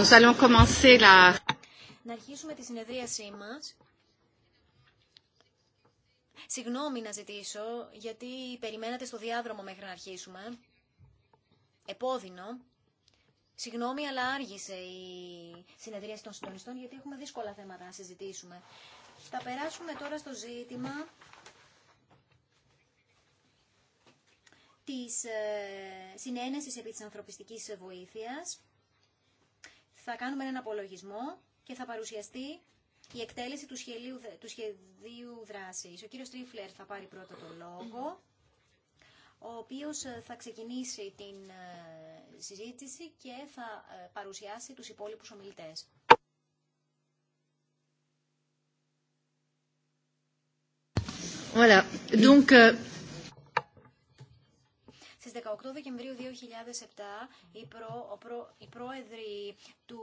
Nous Να αρχίσουμε τη συνεδρίασή μας. Συγγνώμη να ζητήσω, γιατί περιμένατε στο διάδρομο μέχρι να αρχίσουμε. Επόδεινο. Συγγνώμη, αλλά άργησε η συνεδρίαση των συντονιστών, γιατί έχουμε δύσκολα θέματα να συζητήσουμε. Θα περάσουμε τώρα στο ζήτημα της ε, συνένεσης επί της ανθρωπιστικής βοήθειας θα κάνουμε έναν απολογισμό και θα παρουσιαστεί η εκτέλεση του σχεδίου, του σχεδίου δράσης. Ο κύριος Τρίφλερ θα πάρει πρώτα το λόγο, ο οποίος ε, θα ξεκινήσει την ε, συζήτηση και θα ε, παρουσιάσει τους υπόλοιπους ομιλητές. Voilà. Donc, euh, στις 18 Δεκεμβρίου 2007 οι, πρόεδροι του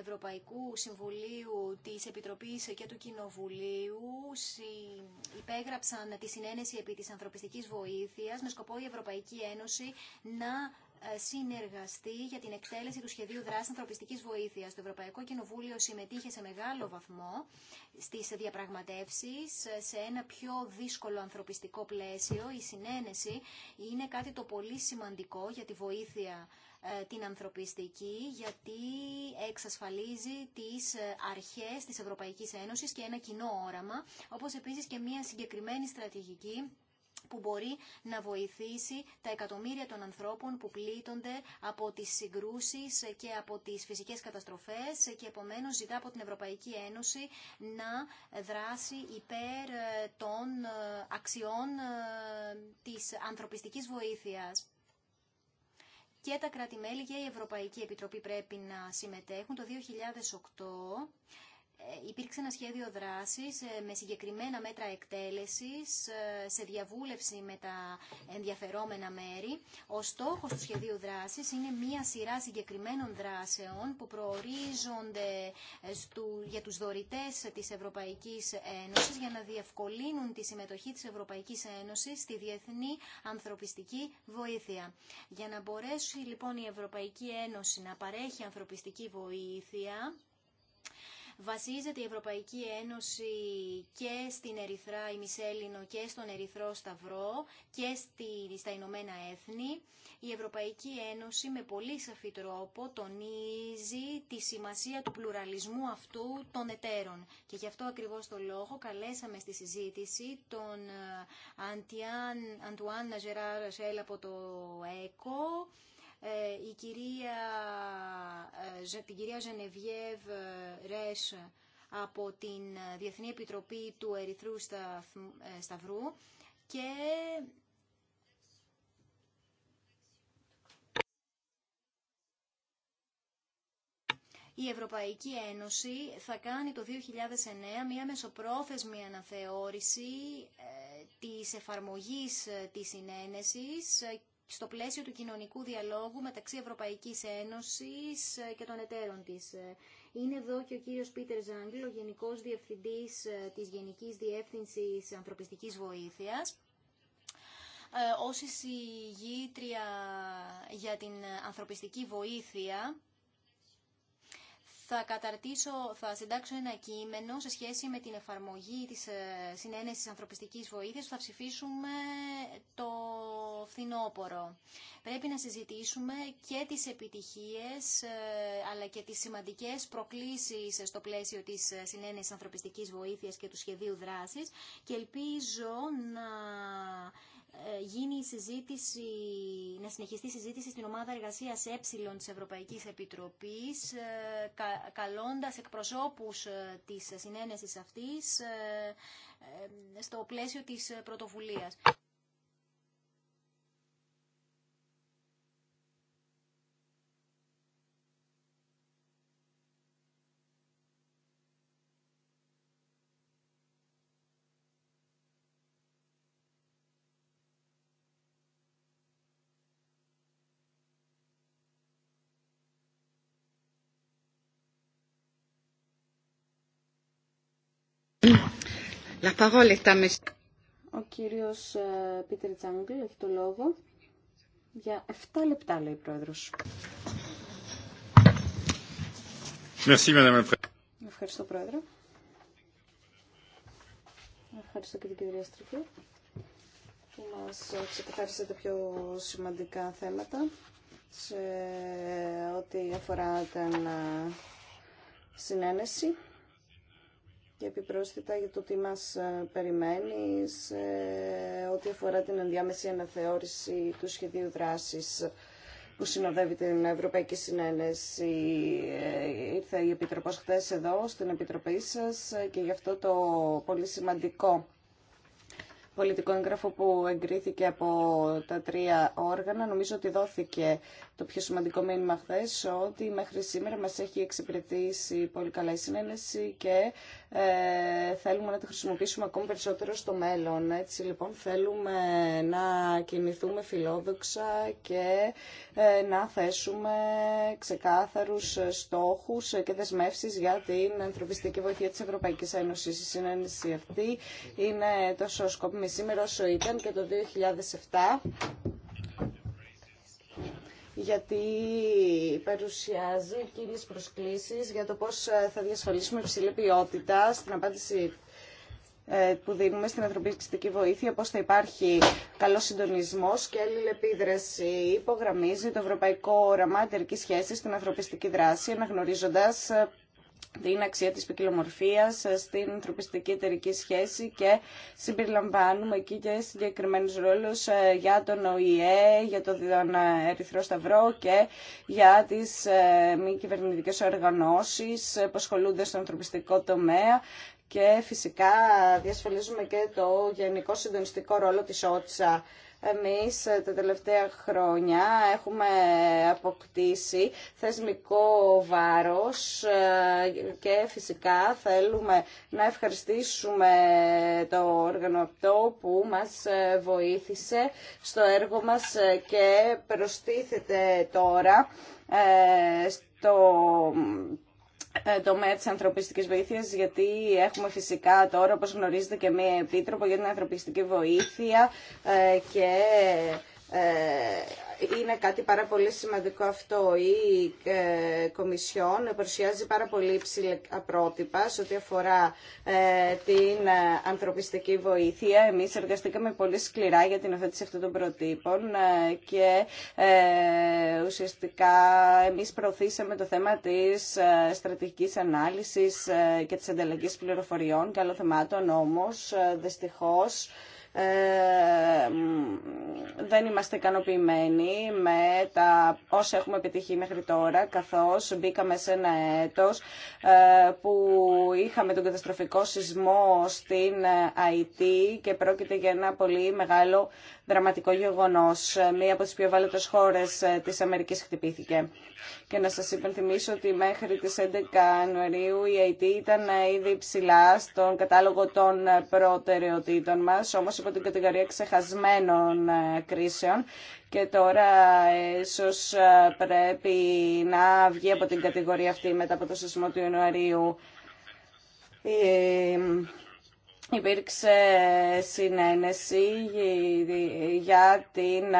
Ευρωπαϊκού Συμβουλίου, της Επιτροπής και του Κοινοβουλίου υπέγραψαν τη συνένεση επί της ανθρωπιστικής βοήθειας με σκοπό η Ευρωπαϊκή Ένωση να ε, συνεργαστεί για την εκτέλεση του σχεδίου δράση ανθρωπιστική βοήθεια. Το Ευρωπαϊκό Κοινοβούλιο συμμετείχε σε μεγάλο βαθμό στι διαπραγματεύσει ε, σε ένα πιο δύσκολο ανθρωπιστικό πλαίσιο. Η συνένεση είναι κάτι το πολύ σημαντικό για τη βοήθεια ε, την ανθρωπιστική γιατί εξασφαλίζει τις αρχές της Ευρωπαϊκής Ένωσης και ένα κοινό όραμα, όπως επίσης και μια συγκεκριμένη στρατηγική που μπορεί να βοηθήσει τα εκατομμύρια των ανθρώπων που πλήττονται από τις συγκρούσεις και από τις φυσικές καταστροφές και επομένως ζητά από την Ευρωπαϊκή Ένωση να δράσει υπέρ ε, των ε, αξιών ε, της ανθρωπιστικής βοήθειας. Και τα κράτη-μέλη και η Ευρωπαϊκή Επιτροπή πρέπει να συμμετέχουν. Το 2008 ε, υπήρξε ένα σχέδιο δράσης ε, με συγκεκριμένα μέτρα εκτέλεσης ε, σε διαβούλευση με τα ενδιαφερόμενα μέρη. Ο στόχος του σχεδίου δράσης είναι μία σειρά συγκεκριμένων δράσεων που προορίζονται για τους δωρητές της Ευρωπαϊκής Ένωσης για να διευκολύνουν τη συμμετοχή της Ευρωπαϊκής Ένωσης στη διεθνή ανθρωπιστική βοήθεια. Για να μπορέσει λοιπόν η Ευρωπαϊκή Ένωση να παρέχει ανθρωπιστική βοήθεια Βασίζεται η Ευρωπαϊκή Ένωση και στην Ερυθρά μισέλινο και στον Ερυθρό Σταυρό και στη, στα Ηνωμένα Έθνη. Η Ευρωπαϊκή Ένωση με πολύ σαφή τρόπο τονίζει τη σημασία του πλουραλισμού αυτού των εταίρων. Και γι' αυτό ακριβώς το λόγο καλέσαμε στη συζήτηση τον Αντουάν Ναζερά Ρασέλ από το ΕΚΟ, ε, η κυρία, ε, την κυρία Ζενεβιέβ ε, Ρες από την Διεθνή Επιτροπή του Ερυθρού Σταυρού και η Ευρωπαϊκή Ένωση θα κάνει το 2009 μια μεσοπρόθεσμη αναθεώρηση της εφαρμογής της συνένεσης στο πλαίσιο του κοινωνικού διαλόγου μεταξύ Ευρωπαϊκής Ένωσης ε, και των εταίρων της. Ε, είναι εδώ και ο κύριος Πίτερ Ζάγκλ, ο Γενικός Διευθυντής ε, της Γενικής Διεύθυνσης Ανθρωπιστικής Βοήθειας ως εισηγήτρια για την ανθρωπιστική βοήθεια θα καταρτήσω, θα συντάξω ένα κείμενο σε σχέση με την εφαρμογή της ε, συνένεσης ανθρωπιστικής βοήθειας που θα ψηφίσουμε το φθινόπωρο. Πρέπει να συζητήσουμε και τις επιτυχίες ε, αλλά και τις σημαντικές προκλήσεις στο πλαίσιο της ε, συνένεσης ανθρωπιστικής βοήθειας και του σχεδίου δράσης και ελπίζω να ε, γίνει η συζήτηση, να συνεχιστεί η συζήτηση στην ομάδα εργασίας ε της ευρωπαϊκή Επιτροπής, ε, καλώντας εκπροσώπους ε, της συνένεσης αυτής στο πλαίσιο της πρωτοβουλίας. Ο κύριος ε, Πίτερ Τζάγκλ έχει το λόγο για 7 λεπτά, λέει ο Πρόεδρος. Ευχαριστώ, Πρόεδρε. Ευχαριστώ και την κυρία Στρικέ που μας ξεκαθάρισε τα πιο σημαντικά θέματα σε ό,τι αφορά την ε, συνένεση και επιπρόσθετα για το τι μας ε, περιμένει σε ό,τι αφορά την ενδιάμεση αναθεώρηση του σχεδίου δράσης που συνοδεύει την Ευρωπαϊκή Συνένεση. Ε, ήρθε η Επιτροπός χτες εδώ στην Επιτροπή σας ε, και γι' αυτό το πολύ σημαντικό πολιτικό έγγραφο που εγκρίθηκε από τα τρία όργανα. Νομίζω ότι δόθηκε το πιο σημαντικό μήνυμα χθε ότι μέχρι σήμερα μας έχει εξυπηρετήσει πολύ καλά η συνένεση και ε, θέλουμε να τη χρησιμοποιήσουμε ακόμη περισσότερο στο μέλλον. Έτσι λοιπόν θέλουμε να κινηθούμε φιλόδοξα και ε, να θέσουμε ξεκάθαρους στόχους και δεσμεύσεις για την ανθρωπιστική βοήθεια της Ευρωπαϊκής Ένωσης. Η συνένεση αυτή είναι τόσο σκόπιμη με σήμερα όσο ήταν και το 2007 γιατί παρουσιάζει κύριες προσκλήσεις για το πώς ε, θα διασφαλίσουμε υψηλή ποιότητα στην απάντηση ε, που δίνουμε στην ανθρωπιστική βοήθεια, πώς θα υπάρχει καλό συντονισμός και αλληλεπίδραση. Υπογραμμίζει το ευρωπαϊκό όραμα εταιρική σχέσης στην ανθρωπιστική δράση, αναγνωρίζοντας ε, την αξία της ποικιλομορφία ε, στην ανθρωπιστική εταιρική σχέση και συμπεριλαμβάνουμε εκεί και συγκεκριμένου ρόλους ε, για τον ΟΗΕ, για τον ε, Ερυθρό Σταυρό και για τις μη κυβερνητικές οργανώσεις που ασχολούνται στον ανθρωπιστικό τομέα και φυσικά διασφαλίζουμε και το γενικό συντονιστικό ρόλο της ΟΤΣΑ εμείς ε, τα τελευταία χρόνια έχουμε αποκτήσει θεσμικό βάρος ε, και φυσικά θέλουμε να ευχαριστήσουμε το όργανο που μας ε, βοήθησε στο έργο μας και προστίθεται τώρα στο ε, τομέα της ανθρωπιστικής βοήθειας γιατί έχουμε φυσικά τώρα όπως γνωρίζετε και μία επίτροπο για την ανθρωπιστική βοήθεια ε, και ε, είναι κάτι πάρα πολύ σημαντικό αυτό. Η ε, Κομισιόν παρουσιάζει πάρα πολύ υψηλά πρότυπα σε ό,τι αφορά ε, την ε, ανθρωπιστική βοήθεια. Εμείς εργαστήκαμε πολύ σκληρά για την οθέτηση αυτών των προτύπων και ουσιαστικά εμείς προωθήσαμε το θέμα της στρατηγικής ανάλυσης και της ανταλλαγή πληροφοριών και άλλων θεμάτων. Όμως, δυστυχώ. Ε, δεν είμαστε ικανοποιημένοι με τα όσα έχουμε επιτυχεί μέχρι τώρα, καθώς μπήκαμε σε ένα έτος ε, που είχαμε τον καταστροφικό σεισμό στην ε, ΑΙΤ και πρόκειται για ένα πολύ μεγάλο δραματικό γεγονός. Ε, μία από τις πιο ευάλωτες χώρες ε, της Αμερικής χτυπήθηκε. Και να σας υπενθυμίσω ότι μέχρι τις 11 Ιανουαρίου η ΑΕΤ ήταν ε, ήδη ψηλά στον κατάλογο των προτεραιοτήτων μας, όμως υπό την κατηγορία ξεχασμένων κρίσεων και τώρα ίσως πρέπει να βγει από την κατηγορία αυτή μετά από το σεισμό του Ιανουαρίου υπήρξε συνένεση για την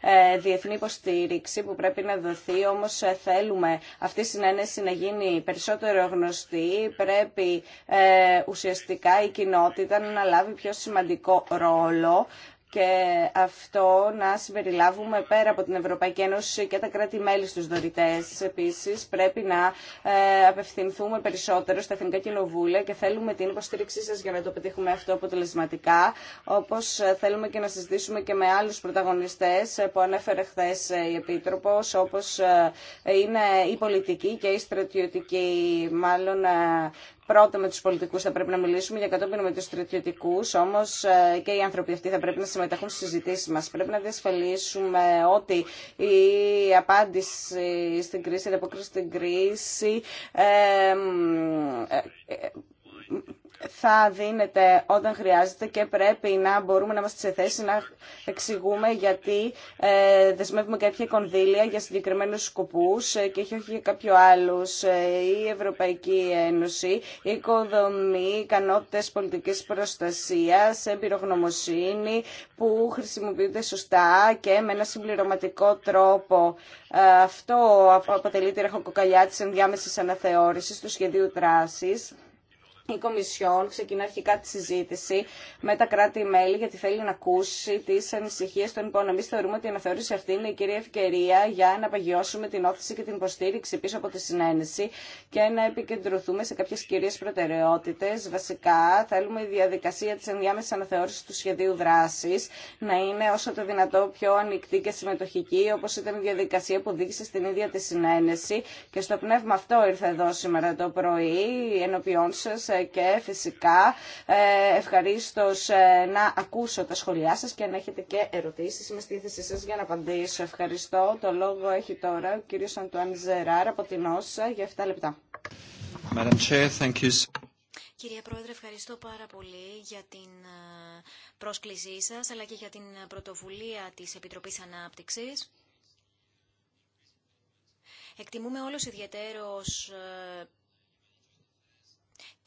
ε, διεθνή υποστήριξη που πρέπει να δοθεί, όμως ε, θέλουμε αυτή η συνένεση να γίνει περισσότερο γνωστή. Πρέπει ε, ουσιαστικά η κοινότητα να λάβει πιο σημαντικό ρόλο και αυτό να συμπεριλάβουμε πέρα από την Ευρωπαϊκή Ένωση και τα κράτη-μέλη στους δωρητές. Επίσης, πρέπει να ε, απευθυνθούμε περισσότερο στα Εθνικά Κοινοβούλια και θέλουμε την υποστήριξή σας για να το πετύχουμε αυτό αποτελεσματικά, όπως ε, θέλουμε και να συζητήσουμε και με άλλους πρωταγωνιστές ε, που ανέφερε χθε η Επίτροπος, όπως είναι η πολιτική και η στρατιωτική. Μάλλον Πρώτα με του πολιτικούς θα πρέπει να μιλήσουμε για κατόπιν με του στρατιωτικού. όμως ε, και οι άνθρωποι αυτοί θα πρέπει να συμμετέχουν στι συζητήσεις μας. Πρέπει να διασφαλίσουμε ότι η απάντηση στην κρίση, η αποκρίση στην κρίση ε, ε, θα δίνεται όταν χρειάζεται και πρέπει να μπορούμε να είμαστε σε θέση να εξηγούμε γιατί ε, δεσμεύουμε κάποια κονδύλια για συγκεκριμένους σκοπούς ε, και όχι για κάποιο άλλους. Ε, η Ευρωπαϊκή Ένωση η οικοδομή ικανότητες πολιτικής προστασίας, εμπειρογνωμοσύνη που χρησιμοποιούνται σωστά και με ένα συμπληρωματικό τρόπο. Αυτό αποτελεί τη ρεχοκοκαλιά της ενδιάμεσης αναθεώρησης του σχεδίου δράσης η Κομισιόν ξεκινά αρχικά τη συζήτηση με τα κράτη-μέλη γιατί θέλει να ακούσει τι ανησυχίε των υπόνων. Εμεί θεωρούμε ότι η αναθεώρηση αυτή είναι η κυρία ευκαιρία για να παγιώσουμε την όθηση και την υποστήριξη πίσω από τη συνένεση και να επικεντρωθούμε σε κάποιε κυρίε προτεραιότητε. Βασικά, θέλουμε η διαδικασία τη ενδιάμεση αναθεώρηση του σχεδίου δράση να είναι όσο το δυνατό πιο ανοιχτή και συμμετοχική, όπω ήταν η διαδικασία που οδήγησε στην ίδια τη συνένεση. Και στο πνεύμα αυτό ήρθα εδώ σήμερα το πρωί ενώπιόν και φυσικά ε, ευχαρίστως ε, να ακούσω τα σχόλιά σας και αν έχετε και ερωτήσεις με στη σας για να απαντήσω. Ευχαριστώ. Το λόγο έχει τώρα ο κύριος Αντουάν Ζεράρ από την ΩΣΑ για 7 λεπτά. Κυρία Πρόεδρε, ευχαριστώ πάρα πολύ για την ε, πρόσκλησή σας, αλλά και για την πρωτοβουλία της Επιτροπής Ανάπτυξης. Εκτιμούμε όλος ιδιαίτερος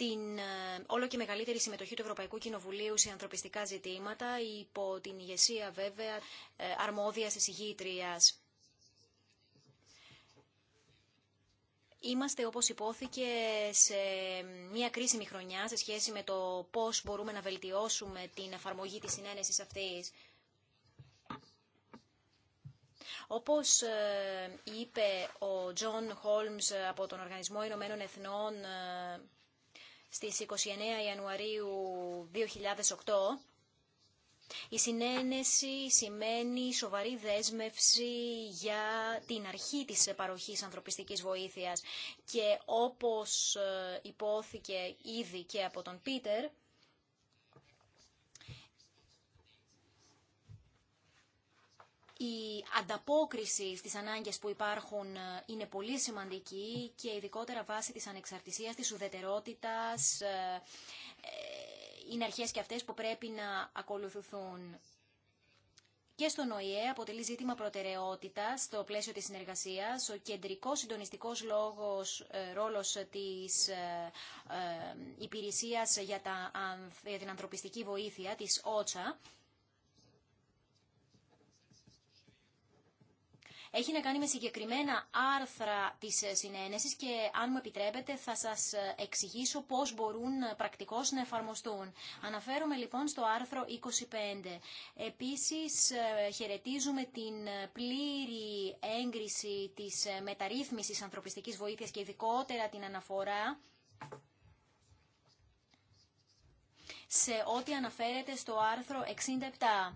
την ε, όλο και μεγαλύτερη συμμετοχή του Ευρωπαϊκού Κοινοβουλίου σε ανθρωπιστικά ζητήματα υπό την ηγεσία βέβαια ε, αρμόδιας εισηγήτριας. Είμαστε, όπως υπόθηκε, σε μια κρίσιμη χρονιά σε σχέση με το πώς μπορούμε να βελτιώσουμε την εφαρμογή της συνένεσης αυτής. Όπως ε, είπε ο Τζον Χόλμς από τον Οργανισμό Ηνωμένων Εθνών στις 29 Ιανουαρίου 2008 η συνένεση σημαίνει σοβαρή δέσμευση για την αρχή της παροχής ανθρωπιστικής βοήθειας και όπως ε, υπόθηκε ήδη και από τον Πίτερ, η ανταπόκριση στις ανάγκες που υπάρχουν ε, είναι πολύ σημαντική και ειδικότερα βάσει της ανεξαρτησίας, της ουδετερότητας, ε, ε, είναι αρχές και αυτές που πρέπει να ακολουθούν. Και στον ΟΗΕ αποτελεί ζήτημα προτεραιότητα στο πλαίσιο της συνεργασίας ο κεντρικός συντονιστικός λόγος, ρόλος της υπηρεσίας για, την ανθρωπιστική βοήθεια, της ΟΤΣΑ, έχει να κάνει με συγκεκριμένα άρθρα της ε, συνένεσης και αν μου επιτρέπετε θα σας ε, εξηγήσω πώς μπορούν ε, πρακτικώς να εφαρμοστούν. Αναφέρομαι λοιπόν στο άρθρο 25. Επίσης χαιρετίζουμε την πλήρη έγκριση της μεταρρύθμισης ανθρωπιστικής βοήθειας και ειδικότερα την αναφορά σε ό,τι αναφέρεται στο άρθρο 67.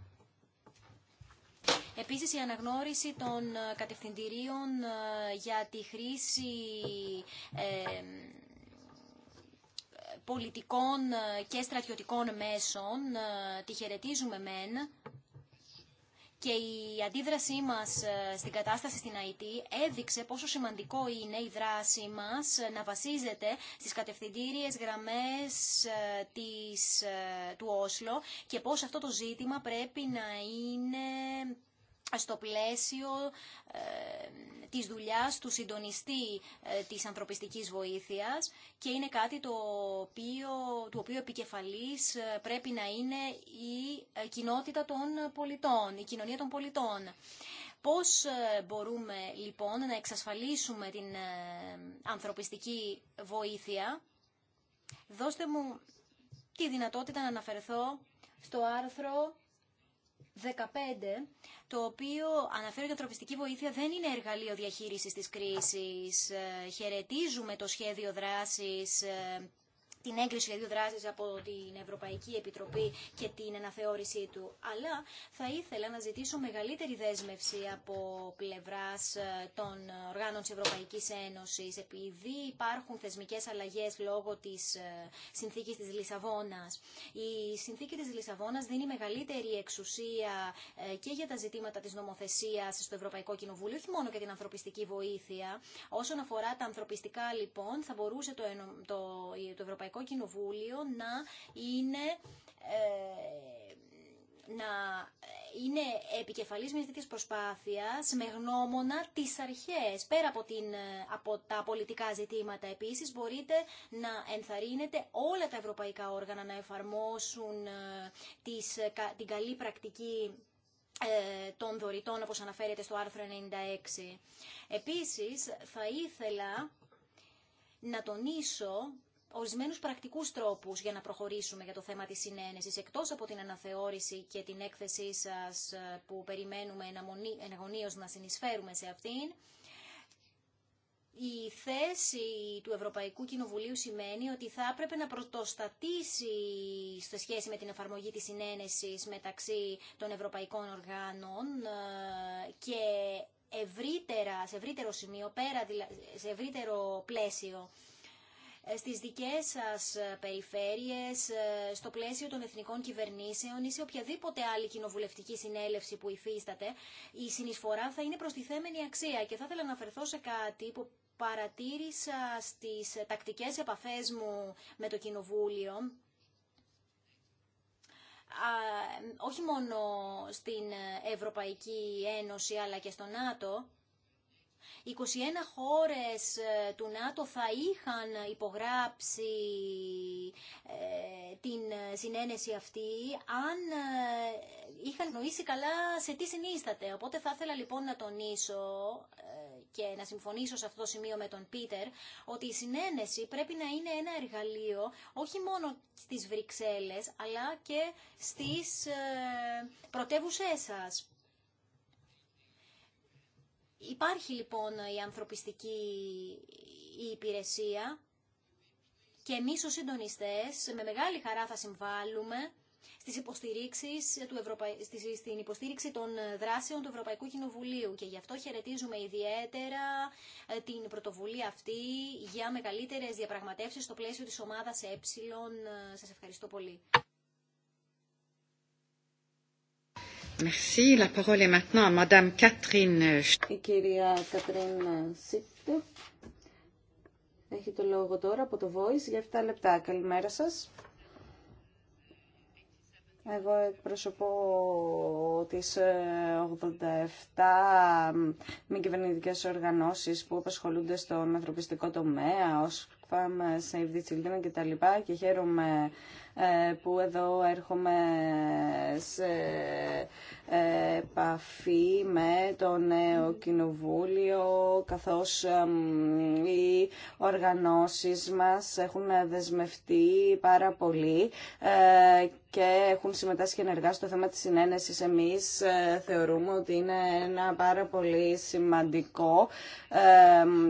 Επίσης η αναγνώριση των ε, κατευθυντηρίων ε, για τη χρήση ε, πολιτικών και στρατιωτικών μέσων, τη χαιρετίζουμε μεν, και η αντίδρασή μας ε, στην κατάσταση στην ΑΕΤ έδειξε πόσο σημαντικό είναι η δράση μας να βασίζεται στις κατευθυντήριες γραμμές ε, της, ε, του Όσλο και πώς αυτό το ζήτημα πρέπει να είναι στο πλαίσιο ε, της δουλειάς του συντονιστή ε, της ανθρωπιστικής βοήθειας και είναι κάτι το οποίο, του οποίο επικεφαλής ε, πρέπει να είναι η ε, κοινότητα των πολιτών, η κοινωνία των πολιτών. Πώς μπορούμε λοιπόν να εξασφαλίσουμε την ανθρωπιστική βοήθεια. Δώστε μου τη δυνατότητα να αναφερθώ στο άρθρο 15, το οποίο αναφέρει ότι η ανθρωπιστική βοήθεια δεν είναι εργαλείο διαχείρισης της κρίσης. Ε, χαιρετίζουμε το σχέδιο δράσης ε, την έγκριση δύο δράσει από την Ευρωπαϊκή Επιτροπή και την αναθεώρησή του. Αλλά θα ήθελα να ζητήσω μεγαλύτερη δέσμευση από πλευρά ε, των οργάνων τη Ευρωπαϊκή Ένωση, επειδή υπάρχουν θεσμικέ αλλαγέ λόγω τη ε, συνθήκη τη Λισαβόνα. Η συνθήκη τη Λισαβόνα δίνει μεγαλύτερη εξουσία ε, και για τα ζητήματα τη νομοθεσία στο Ευρωπαϊκό Κοινοβούλιο, όχι μόνο για την ανθρωπιστική βοήθεια. Όσον αφορά τα ανθρωπιστικά, λοιπόν, θα μπορούσε το, το, το Ευρωπαϊκό Ευρωπαϊκό Κοινοβούλιο να είναι ε, να είναι επικεφαλής μιας τέτοιας προσπάθειας με γνώμονα τις αρχές. Πέρα από, την, από τα πολιτικά ζητήματα επίσης μπορείτε να ενθαρρύνετε όλα τα ευρωπαϊκά όργανα να εφαρμόσουν ε, τις, την καλή πρακτική ε, των δωρητών όπως αναφέρεται στο άρθρο 96. Επίσης θα ήθελα να τονίσω ορισμένους πρακτικούς τρόπους για να προχωρήσουμε για το θέμα της συνένεσης, εκτός από την αναθεώρηση και την έκθεσή σας ε, που περιμένουμε εναγωνίως να συνεισφέρουμε σε αυτήν. Η θέση του Ευρωπαϊκού Κοινοβουλίου σημαίνει ότι θα έπρεπε να πρωτοστατήσει σε σχέση με την εφαρμογή της συνένεσης μεταξύ των ευρωπαϊκών οργάνων ε, και σε ευρύτερο σημείο, πέρα, σε ευρύτερο πλαίσιο ε, στις δικές σας ε, περιφέρειες, ε, στο πλαίσιο των εθνικών κυβερνήσεων ή σε οποιαδήποτε άλλη κοινοβουλευτική συνέλευση που υφίσταται, η συνεισφορά θα είναι θέμενη αξία. Και θα ήθελα να αναφερθώ σε κάτι που παρατήρησα στις τακτικές επαφές μου με το Κοινοβούλιο, όχι μόνο στην Ευρωπαϊκή Ένωση αλλά και στο ΝΑΤΟ, 21 χώρες ε, του ΝΑΤΟ θα είχαν υπογράψει ε, την ε, συνένεση αυτή αν είχαν γνωρίσει καλά σε τι συνίσταται. Οπότε θα ήθελα λοιπόν να τονίσω και να συμφωνήσω σε αυτό το σημείο με τον Πίτερ ότι η συνένεση πρέπει να είναι ένα εργαλείο όχι μόνο στις Βρυξέλλες αλλά και στις πρωτεύουσές σας. Υπάρχει λοιπόν η ανθρωπιστική υπηρεσία και εμείς ως συντονιστές με μεγάλη χαρά θα συμβάλλουμε στις υποστηρίξεις του στην υποστήριξη των δράσεων του Ευρωπαϊκού Κοινοβουλίου και γι' αυτό χαιρετίζουμε ιδιαίτερα ε, την πρωτοβουλία αυτή για μεγαλύτερες διαπραγματεύσεις στο πλαίσιο της ομάδας Ε. ε Σας ευχαριστώ πολύ. Η κυρία Κατρίν Σιπτ έχει το λόγο τώρα από το Voice για 7 λεπτά. Καλημέρα σας. Εγώ εκπροσωπώ τις 87 ε, μη κυβερνητικέ οργανώσεις που απασχολούνται στον ανθρωπιστικό τομέα ως Πάμε σε the και τα λοιπά και χαίρομαι ε, που εδώ έρχομαι σε ε, επαφή με το νέο κοινοβούλιο καθώς οι οργανώσεις μας έχουν δεσμευτεί πάρα πολύ ε, και έχουν συμμετάσχει ενεργά στο θέμα της συνένεσης. Εμείς θεωρούμε ότι είναι ένα πάρα πολύ σημαντικό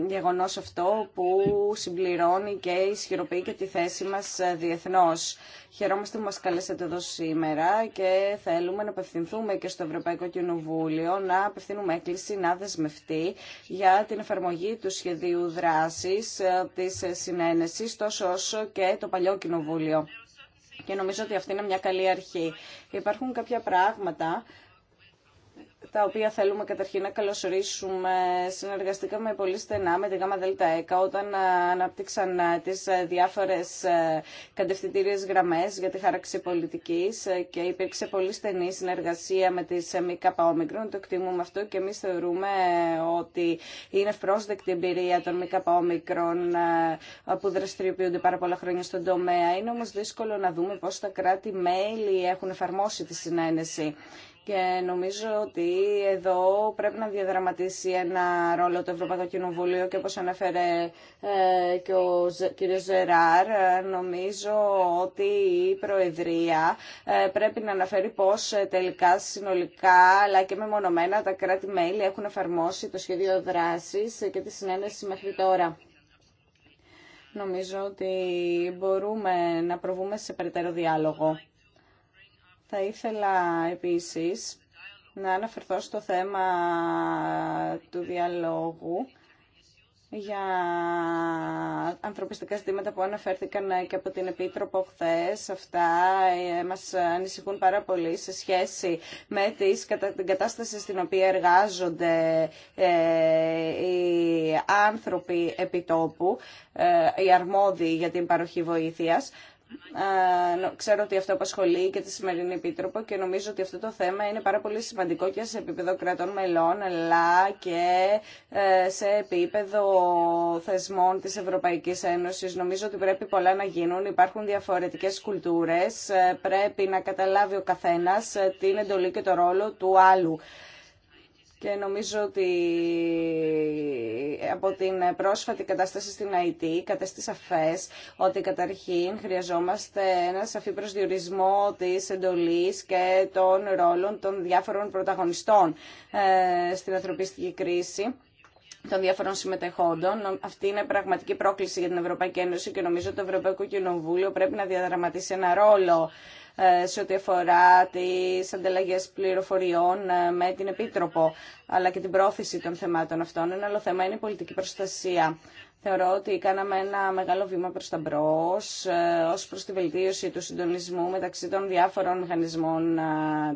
γεγονός αυτό που συμπληρώνει οι και ισχυροποιεί και τη θέση μας ε, διεθνώς. Χαιρόμαστε που μας καλέσατε εδώ σήμερα και θέλουμε να απευθυνθούμε και στο Ευρωπαϊκό Κοινοβούλιο να απευθύνουμε έκκληση να δεσμευτεί για την εφαρμογή του σχεδίου δράσης ε, της συνένεση τόσο όσο και το παλιό Κοινοβούλιο. Και νομίζω ότι αυτή είναι μια καλή αρχή. Υπάρχουν κάποια πράγματα τα οποία θέλουμε καταρχήν να καλωσορίσουμε. Συνεργαστήκαμε πολύ στενά με τη ΓΔΕ όταν αναπτύξαν ε, τι ε, διάφορε κατευθυντήριε γραμμέ για τη χάραξη πολιτική ε, και υπήρξε πολύ στενή συνεργασία με τις ΜΚΟ. Το εκτιμούμε αυτό και εμεί θεωρούμε ότι είναι ευπρόσδεκτη εμπειρία των ΜΚΟ που δραστηριοποιούνται πάρα πολλά χρόνια στον τομέα. Είναι όμω δύσκολο να δούμε πώ τα κράτη-μέλη έχουν εφαρμόσει τη συνένεση. Και νομίζω ότι εδώ πρέπει να διαδραματίσει ένα ρόλο το Ευρωπαϊκό Κοινοβούλιο και όπως ανέφερε ε, και ο κ. Ζεράρ, ε, νομίζω ότι η Προεδρία ε, πρέπει να αναφέρει πώς τελικά συνολικά αλλά και μεμονωμένα τα κράτη-μέλη έχουν εφαρμόσει το σχέδιο δράσης και τη συνένεση μέχρι τώρα. Νομίζω ότι μπορούμε να προβούμε σε περαιτέρω διάλογο. Θα ήθελα επίσης να αναφερθώ στο θέμα του διαλόγου για ανθρωπιστικά ζητήματα που αναφέρθηκαν και από την Επίτροπο χθε. Αυτά ε, μας ανησυχούν πάρα πολύ σε σχέση με τις, την κατάσταση στην οποία εργάζονται ε, οι άνθρωποι επιτόπου, ε, οι αρμόδιοι για την παροχή βοήθειας. Ξέρω ότι αυτό απασχολεί και τη σημερινή Επίτροπο και νομίζω ότι αυτό το θέμα είναι πάρα πολύ σημαντικό και σε επίπεδο κρατών μελών αλλά και ε, σε επίπεδο θεσμών της Ευρωπαϊκής Ένωσης. Νομίζω ότι πρέπει πολλά να γίνουν. Υπάρχουν διαφορετικές κουλτούρες. Ε, πρέπει να καταλάβει ο καθένας ε, την εντολή και το ρόλο του άλλου και νομίζω ότι ε, από την πρόσφατη κατάσταση στην ΑΕΤ κατέστη σαφέ ότι καταρχήν χρειαζόμαστε ένα σαφή προσδιορισμό της εντολής και των ρόλων των διάφορων πρωταγωνιστών ε, στην ανθρωπιστική κρίση των διάφορων συμμετεχόντων. Αυτή είναι πραγματική πρόκληση για την Ευρωπαϊκή Ένωση και νομίζω ότι το Ευρωπαϊκό Κοινοβούλιο πρέπει να διαδραματίσει ένα ρόλο ε, σε ό,τι αφορά τις ανταλλαγές πληροφοριών ε, με την Επίτροπο αλλά και την πρόθεση των θεμάτων αυτών. Ένα άλλο θέμα είναι η πολιτική προστασία. Θεωρώ ότι κάναμε ένα μεγάλο βήμα προς τα μπρος, ε, ως προς τη βελτίωση του συντονισμού μεταξύ των διάφορων μηχανισμών ε,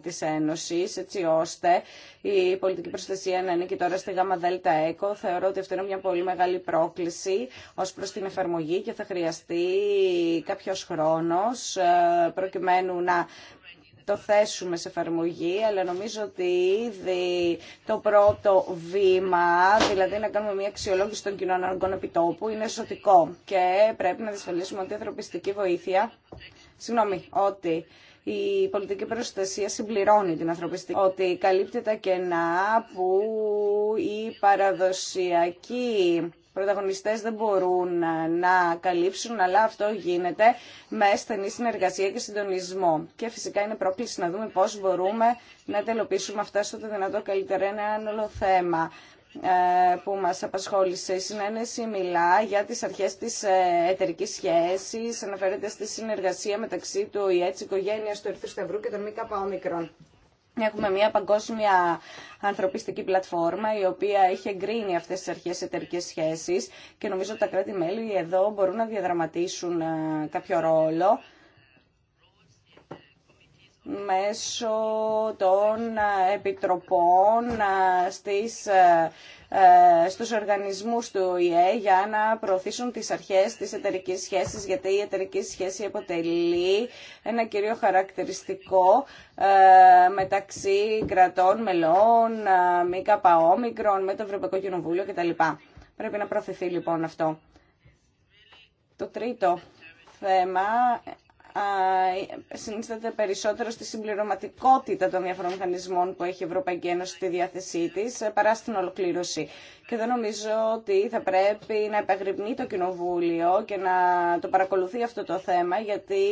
της Ένωσης, έτσι ώστε η πολιτική προστασία να είναι και τώρα στη ΓΑΜΑ ΔΕΛΤΑ ΕΚΟ. Θεωρώ ότι αυτό είναι μια πολύ μεγάλη πρόκληση ως προς την εφαρμογή και θα χρειαστεί κάποιος χρόνος ε, προκειμένου να το θέσουμε σε εφαρμογή, αλλά νομίζω ότι ήδη το πρώτο βήμα, δηλαδή να κάνουμε μια αξιολόγηση των κοινών αναγκών επιτόπου, είναι σωτικό και πρέπει να δυσφαλίσουμε ότι η ανθρωπιστική βοήθεια, συγγνώμη, ότι η πολιτική προστασία συμπληρώνει την ανθρωπιστική, ότι καλύπτει τα κενά που η παραδοσιακή πρωταγωνιστές δεν μπορούν να καλύψουν, αλλά αυτό γίνεται με στενή συνεργασία και συντονισμό. Και φυσικά είναι πρόκληση να δούμε πώς μπορούμε να τελοποιήσουμε αυτά στο το δυνατό καλύτερα ένα άλλο θέμα ε, που μας απασχόλησε. Η συνένεση μιλά για τις αρχές της ε, εταιρική σχέσης, αναφέρεται στη συνεργασία μεταξύ του ΙΕΤΣ, οικογένεια του Ερθρού Σταυρού και των ΜΚΟ. Έχουμε μια παγκόσμια ανθρωπιστική πλατφόρμα η οποία έχει εγκρίνει αυτές τις αρχές εταιρικές σχέσεις και νομίζω ότι τα κράτη-μέλη εδώ μπορούν να διαδραματίσουν ε, κάποιο ρόλο μέσω των επιτροπών ε, στις, ε, ε, στους οργανισμούς του ΙΕ για να προωθήσουν τις αρχές της εταιρική σχέσης, γιατί η εταιρική σχέση αποτελεί ένα κυρίο χαρακτηριστικό μεταξύ κρατών, μελών, μη καπαόμικρων, με το Ευρωπαϊκό Κοινοβούλιο κτλ. Πρέπει να προωθηθεί λοιπόν αυτό. Το τρίτο θέμα συνίσταται περισσότερο στη συμπληρωματικότητα των διαφορών μηχανισμών που έχει η Ευρωπαϊκή Ένωση στη διάθεσή τη ε, παρά στην ολοκλήρωση. Και δεν νομίζω ότι θα πρέπει να επαγρυπνεί το Κοινοβούλιο και να το παρακολουθεί αυτό το θέμα, γιατί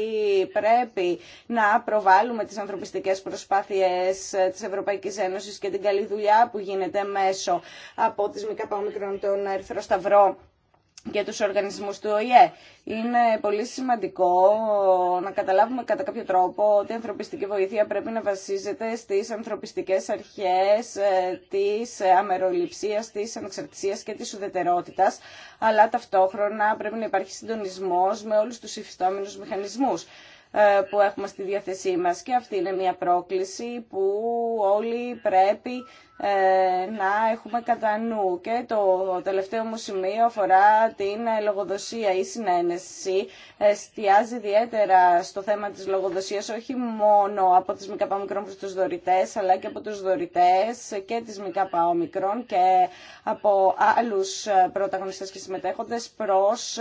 πρέπει να προβάλλουμε τι ανθρωπιστικέ προσπάθειε ε, τη Ευρωπαϊκή Ένωση και την καλή δουλειά που γίνεται μέσω από τι ΜΚΟ των Ερυθρό και τους οργανισμούς του ΟΗΕ. Είναι πολύ σημαντικό να καταλάβουμε κατά κάποιο τρόπο ότι η ανθρωπιστική βοήθεια πρέπει να βασίζεται στις ανθρωπιστικές αρχές ε, της αμεροληψίας, της ανεξαρτησίας και της ουδετερότητας, αλλά ταυτόχρονα πρέπει να υπάρχει συντονισμός με όλους τους υφιστόμενους μηχανισμούς. Ε, που έχουμε στη διάθεσή μας και αυτή είναι μια πρόκληση που όλοι πρέπει ε, να έχουμε κατά νου. Και το τελευταίο μου σημείο αφορά την ε, λογοδοσία ή συνένεση. Εστιάζει ιδιαίτερα στο θέμα της λογοδοσίας όχι μόνο από τις ΜΚΑ μικρών προς τους δωρητές, αλλά και από τους δωρητές και τις ΜΚΑ μικρών και από άλλους πρωταγωνιστές και συμμετέχοντες προς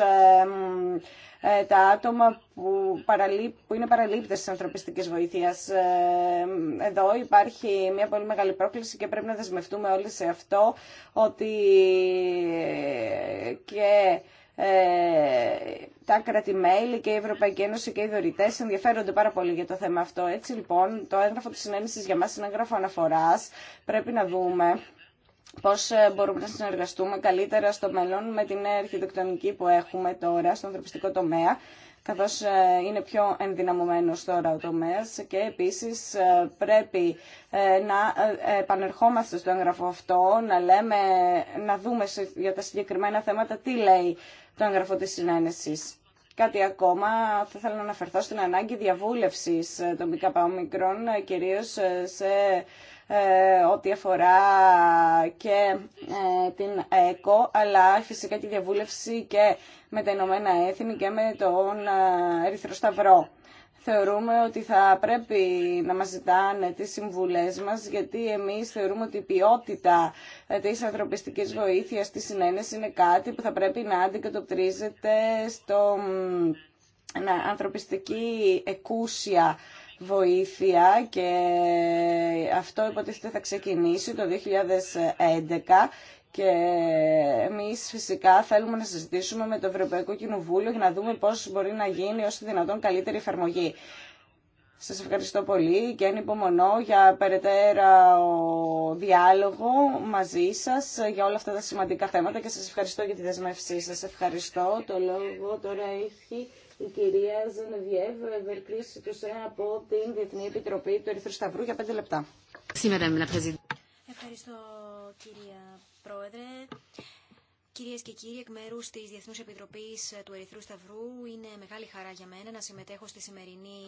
ε, τα άτομα που, είναι παραλήπτες της ανθρωπιστικής βοήθειας. Ε, εδώ υπάρχει μια πολύ μεγάλη πρόκληση και πρέπει να δεσμευτούμε όλοι σε αυτό ότι ε, και τα κρατημέλη και η Ευρωπαϊκή Ένωση και οι δωρητέ ενδιαφέρονται πάρα πολύ για το θέμα αυτό. Έτσι λοιπόν, το έγγραφο τη συνένεση για μα είναι έγγραφο αναφορά. Πρέπει να δούμε πώς ε, μπορούμε να συνεργαστούμε καλύτερα στο μέλλον με την αρχιτεκτονική που έχουμε τώρα στον ανθρωπιστικό τομέα, καθώς ε, είναι πιο ενδυναμωμένος τώρα ο τομέα. και επίσης ε, πρέπει να επανερχόμαστε στο έγγραφο αυτό, να, λέμε, να δούμε για τα συγκεκριμένα θέματα τι λέει το έγγραφο τη συνένεση. Κάτι ακόμα, θα ήθελα να αναφερθώ στην ανάγκη διαβούλευσης των ΜΚΟ, κυρίως σε ε, ό,τι αφορά και ε, την ΕΚΟ, αλλά φυσικά τη διαβούλευση και με τα Ηνωμένα Έθνη και με τον ε, Ερυθρό Θεωρούμε ότι θα πρέπει να μας ζητάνε τις συμβουλές μας, γιατί εμείς θεωρούμε ότι η ποιότητα της ανθρωπιστικής βοήθειας, της συνένεση είναι κάτι που θα πρέπει να αντικατοπτρίζεται στο ανθρωπιστική εκούσια βοήθεια και αυτό υποτίθεται θα ξεκινήσει το 2011 και εμεί φυσικά θέλουμε να συζητήσουμε με το Ευρωπαϊκό Κοινοβούλιο για να δούμε πώ μπορεί να γίνει όσο δυνατόν καλύτερη εφαρμογή. Σα ευχαριστώ πολύ και ανυπομονώ για περαιτέρα διάλογο μαζί σα για όλα αυτά τα σημαντικά θέματα και σα ευχαριστώ για τη δεσμευσή σα. Ευχαριστώ. Το λόγο τώρα έχει η κυρία Ζενεβιέβ του ΣΕΑ από την Διεθνή Επιτροπή του Ερυθρού Σταυρού για πέντε λεπτά. Σήμερα, Ευχαριστώ κυρία Πρόεδρε. Κυρίες και κύριοι, εκ μέρου τη Διεθνούς Επιτροπής του Ερυθρού Σταυρού είναι μεγάλη χαρά για μένα να συμμετέχω στη σημερινή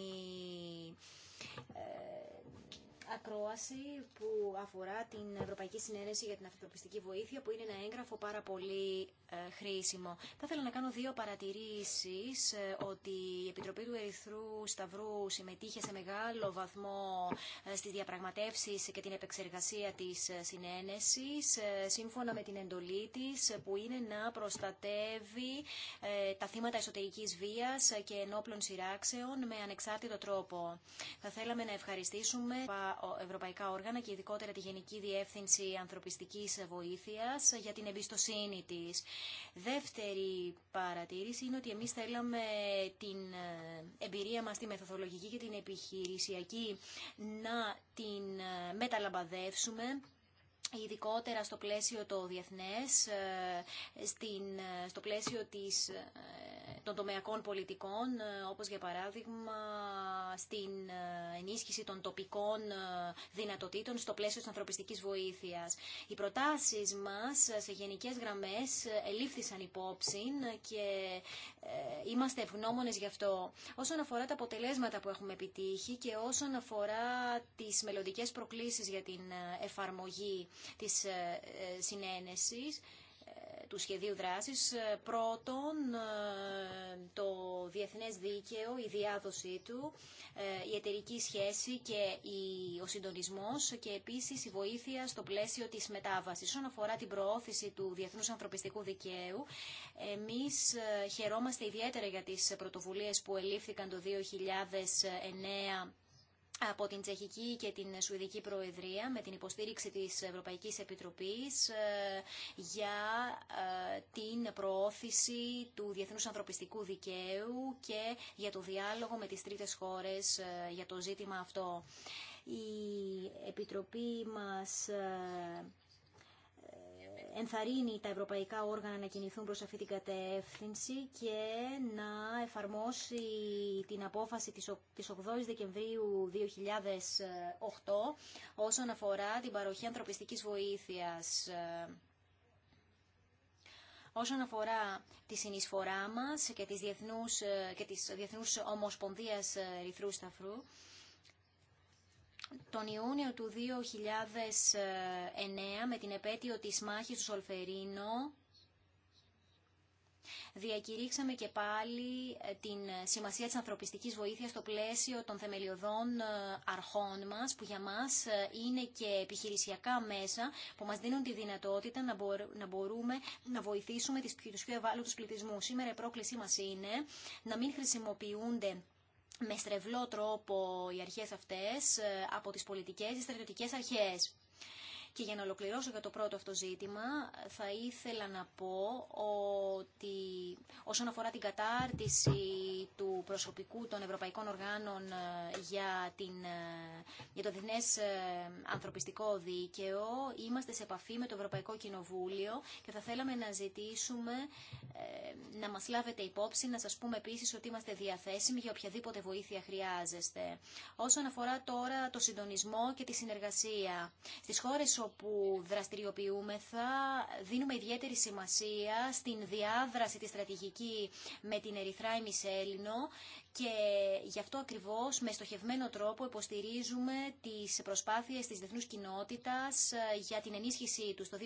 ε, ακρόαση που αφορά την Ευρωπαϊκή Συνένεση για την Αυτοπιστική Βοήθεια, που είναι ένα έγγραφο πάρα πολύ ε, χρήσιμο. Θα ήθελα να κάνω δύο παρατηρήσεις, ε, ότι η Επιτροπή του Ερυθρού Σταυρού συμμετείχε σε μεγάλο βαθμό ε, στι διαπραγματεύσει και την επεξεργασία της συνένεσης, σύμφωνα με την εντολή που είναι να προστατεύει τα θύματα εσωτερική βία και ενόπλων σειράξεων με ανεξάρτητο τρόπο. Θα θέλαμε να ευχαριστήσουμε ευρωπαϊκά όργανα και ειδικότερα τη Γενική Διεύθυνση Ανθρωπιστικής Βοήθειας για την εμπιστοσύνη της. Δεύτερη παρατήρηση είναι ότι εμείς θέλαμε την ε, εμπειρία μας, τη μεθοδολογική και την επιχειρησιακή να την ε, μεταλαμπαδεύσουμε ειδικότερα στο πλαίσιο το διεθνές, ε, στην, στο πλαίσιο της των τομεακών πολιτικών, ε, όπως για παράδειγμα στην ε, ενίσχυση των τοπικών ε, δυνατοτήτων στο πλαίσιο της ανθρωπιστικής βοήθειας. Οι προτάσεις μας σε γενικές γραμμές ελήφθησαν υπόψη και είμαστε ευγνώμονες γι' αυτό. Όσον αφορά τα αποτελέσματα που έχουμε επιτύχει και όσον αφορά τις μελλοντικέ προκλήσεις για την εφαρμογή της συνένεσης, του σχεδίου δράσης. Ε, πρώτον, ε, το διεθνές δίκαιο, η διάδοσή του, ε, η εταιρική σχέση και ο συντονισμός και επίσης η βοήθεια στο πλαίσιο της μετάβασης. Όσον αφορά την προώθηση του διεθνούς ανθρωπιστικού δικαίου, εμείς χαιρόμαστε ιδιαίτερα για τις πρωτοβουλίες που ελήφθηκαν το 2009 από την Τσεχική και την Σουηδική Προεδρία με την υποστήριξη της Ευρωπαϊκής Επιτροπής ε, για ε, την προώθηση του διεθνούς ανθρωπιστικού δικαίου και για το διάλογο με τις τρίτες χώρες ε, για το ζήτημα αυτό. Η Επιτροπή μας ενθαρρύνει τα ευρωπαϊκά όργανα να κινηθούν προς αυτή την κατεύθυνση και να εφαρμόσει την απόφαση της 8ης Δεκεμβρίου 2008 όσον αφορά την παροχή ανθρωπιστικής βοήθειας. Όσον αφορά τη συνεισφορά μας και της Διεθνούς, ε, και της διεθνούς Ομοσπονδίας Ρυθρού Σταυρού, τον Ιούνιο του 2009 με την επέτειο της μάχης του Σολφερίνο διακηρύξαμε και πάλι ε, την σημασία της ανθρωπιστικής βοήθειας στο πλαίσιο των θεμελιωδών ε, αρχών μας, που για μας ε, είναι και επιχειρησιακά μέσα που μας δίνουν τη δυνατότητα να μπορούμε να βοηθήσουμε τους πιο ευάλωτους πληθυσμούς. Σήμερα η πρόκλησή μας είναι να μην χρησιμοποιούνται με στρεβλό τρόπο οι αρχές αυτές ε, από τις πολιτικές και στρατιωτικές αρχές. Και για να ολοκληρώσω για το πρώτο αυτό ζήτημα, θα ήθελα να πω ότι όσον αφορά την κατάρτιση του προσωπικού των ευρωπαϊκών οργάνων ε, για, την, ε, για το διεθνές ε, ανθρωπιστικό δίκαιο, είμαστε σε επαφή με το Ευρωπαϊκό Κοινοβούλιο και θα θέλαμε να ζητήσουμε να μας λάβετε υπόψη, να σας πούμε επίσης ότι είμαστε διαθέσιμοι για οποιαδήποτε βοήθεια χρειάζεστε. Όσον αφορά τώρα το συντονισμό και τη συνεργασία, στις χώρες όπου δραστηριοποιούμεθα δίνουμε ιδιαίτερη σημασία στην διάδραση της στρατηγική με την Ερυθρά Ημισέλινο και γι' αυτό ακριβώς με στοχευμένο τρόπο υποστηρίζουμε τις προσπάθειες της διεθνούς κοινότητας ε, για την ενίσχυσή του. Το 2010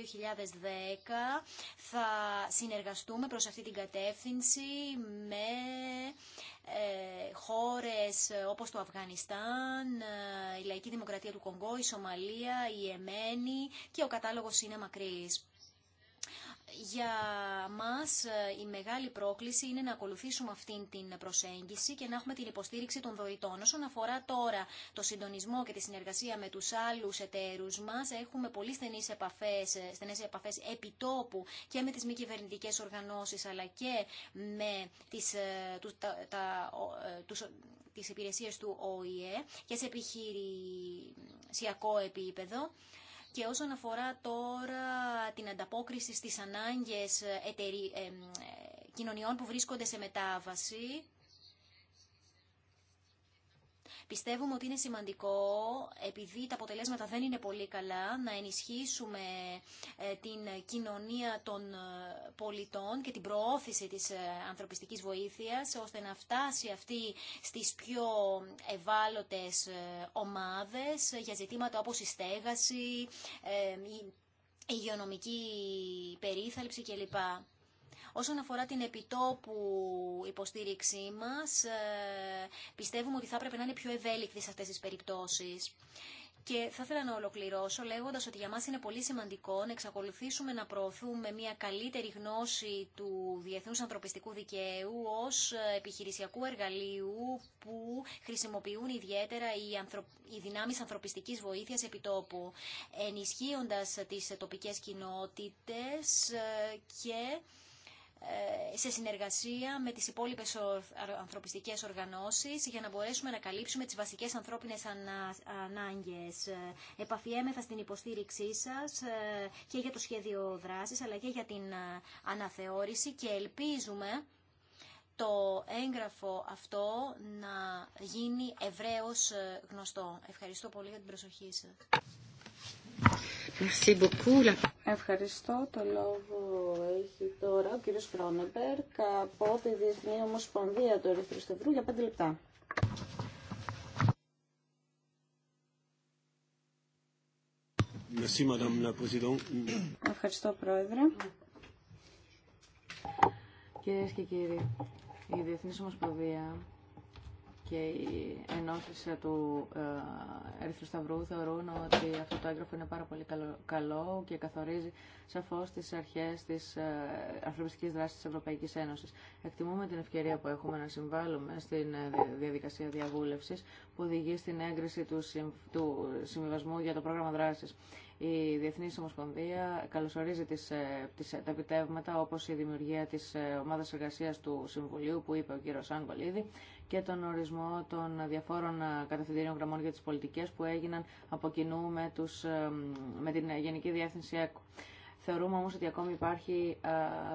θα συνεργαστούμε προς αυτή την κατεύθυνση με ε, χώρες όπως το Αφγανιστάν, ε, η Λαϊκή Δημοκρατία του Κονγκό, η Σομαλία, η Εμένη και ο κατάλογος είναι μακρύς για μας ε, η μεγάλη πρόκληση είναι να ακολουθήσουμε αυτήν την προσέγγιση και να έχουμε την υποστήριξη των δοητών. Όσον αφορά τώρα το συντονισμό και τη συνεργασία με τους άλλους εταίρους μας, έχουμε πολύ στενές επαφές, ε, στενές επαφές επιτόπου και με τις μη κυβερνητικέ οργανώσεις αλλά και με τις, ε, τους, τα, τις υπηρεσίες του ΟΗΕ και σε επιχειρησιακό επίπεδο. Και όσον αφορά τώρα την ανταπόκριση στις ανάγκες ε, κοινωνιών που βρίσκονται σε μετάβαση, Πιστεύουμε ότι είναι σημαντικό, επειδή τα αποτελέσματα δεν είναι πολύ καλά, να ενισχύσουμε ε, την κοινωνία των ε, πολιτών και την προώθηση της ε, ανθρωπιστικής βοήθειας, ώστε να φτάσει αυτή στις πιο ευάλωτες ομάδες για ζητήματα όπως η στέγαση, η υγειονομική περίθαλψη κλπ. Όσον αφορά την επιτόπου υποστήριξή μας, ε, πιστεύουμε ότι θα έπρεπε να είναι πιο ευέλικτη σε αυτές τις περιπτώσεις. Και θα ήθελα να ολοκληρώσω λέγοντας ότι για μας είναι πολύ σημαντικό να εξακολουθήσουμε να προωθούμε μια καλύτερη γνώση του διεθνούς ανθρωπιστικού δικαίου ως ε, επιχειρησιακού εργαλείου που χρησιμοποιούν ιδιαίτερα οι, ανθρω... οι ανθρωπιστικής ανθρωπιστική βοήθεια επιτόπου, ενισχύοντας τις τοπικές κοινότητες ε, και ε, σε συνεργασία με τις υπόλοιπες ανθρωπιστικές οργανώσεις για να μπορέσουμε να καλύψουμε τις βασικές ανθρώπινες ανάγκες. Ε, επαφιέμεθα στην υποστήριξή σας ε, και για το σχέδιο δράσης αλλά και για την αναθεώρηση και ελπίζουμε το έγγραφο αυτό να γίνει ευρέως γνωστό. Ευχαριστώ πολύ για την προσοχή σας. Ευχαριστώ. Το λόγο έχει τώρα ο κύριος Κρόνεμπερκ από τη Διεθνή Ομοσπονδία του Ερυθρού Σταυρού για 5 λεπτά. Ευχαριστώ, Πρόεδρε. Κυρίες και κύριοι, η Διεθνής Ομοσπονδία και η ενώσει του ε, Ερυθρού Σταυρού θεωρούν ότι αυτό το έγγραφο είναι πάρα πολύ καλό και καθορίζει σαφώς τις αρχές της ε, ανθρωπιστικής δράσης της Ευρωπαϊκής Ένωσης. Εκτιμούμε την ευκαιρία που έχουμε να συμβάλλουμε στην ε, διαδικασία διαβούλευσης που οδηγεί στην έγκριση του συμβιβασμού για το πρόγραμμα δράσης. Η Διεθνή Ομοσπονδία καλωσορίζει τις, τις, τα επιτεύγματα όπως η δημιουργία της ομάδας εργασίας του Συμβουλίου που είπε ο κύριος Άγκολίδη, και τον ορισμό των διαφόρων ε, κατευθυντήριων γραμμών για τις πολιτικές που έγιναν από κοινού με, τους, ε, με την Γενική Διεύθυνση ΕΚΟ. Θεωρούμε όμως ότι ακόμη υπάρχει ε,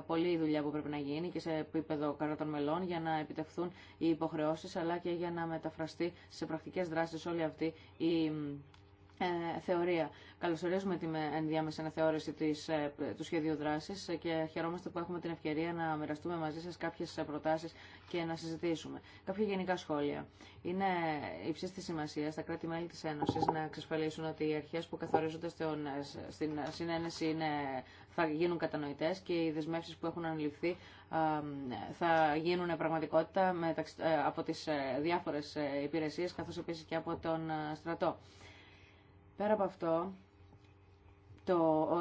πολλή δουλειά που πρέπει να γίνει και σε επίπεδο των μελών για να επιτευχθούν οι υποχρεώσεις αλλά και για να μεταφραστεί σε πρακτικές δράσεις όλη αυτή η ε, θεωρία. Καλωσορίζουμε την ενδιάμεση αναθεώρηση ε, του σχεδίου δράση. και χαιρόμαστε που έχουμε την ευκαιρία να μοιραστούμε μαζί σα κάποιε προτάσει και να συζητήσουμε. Κάποια γενικά σχόλια. Είναι υψίστη τη σημασία τα κράτη-μέλη τη Ένωση, να εξασφαλίσουν ότι οι αρχέ που καθορίζονται στον, στην συνένεση είναι, θα γίνουν κατανοητέ και οι δεσμεύσει που έχουν αναλυφθεί θα γίνουν πραγματικότητα ε, από τις διάφορε υπηρεσίε, καθώ επίση και από τον στρατό. Πέρα από αυτό, το,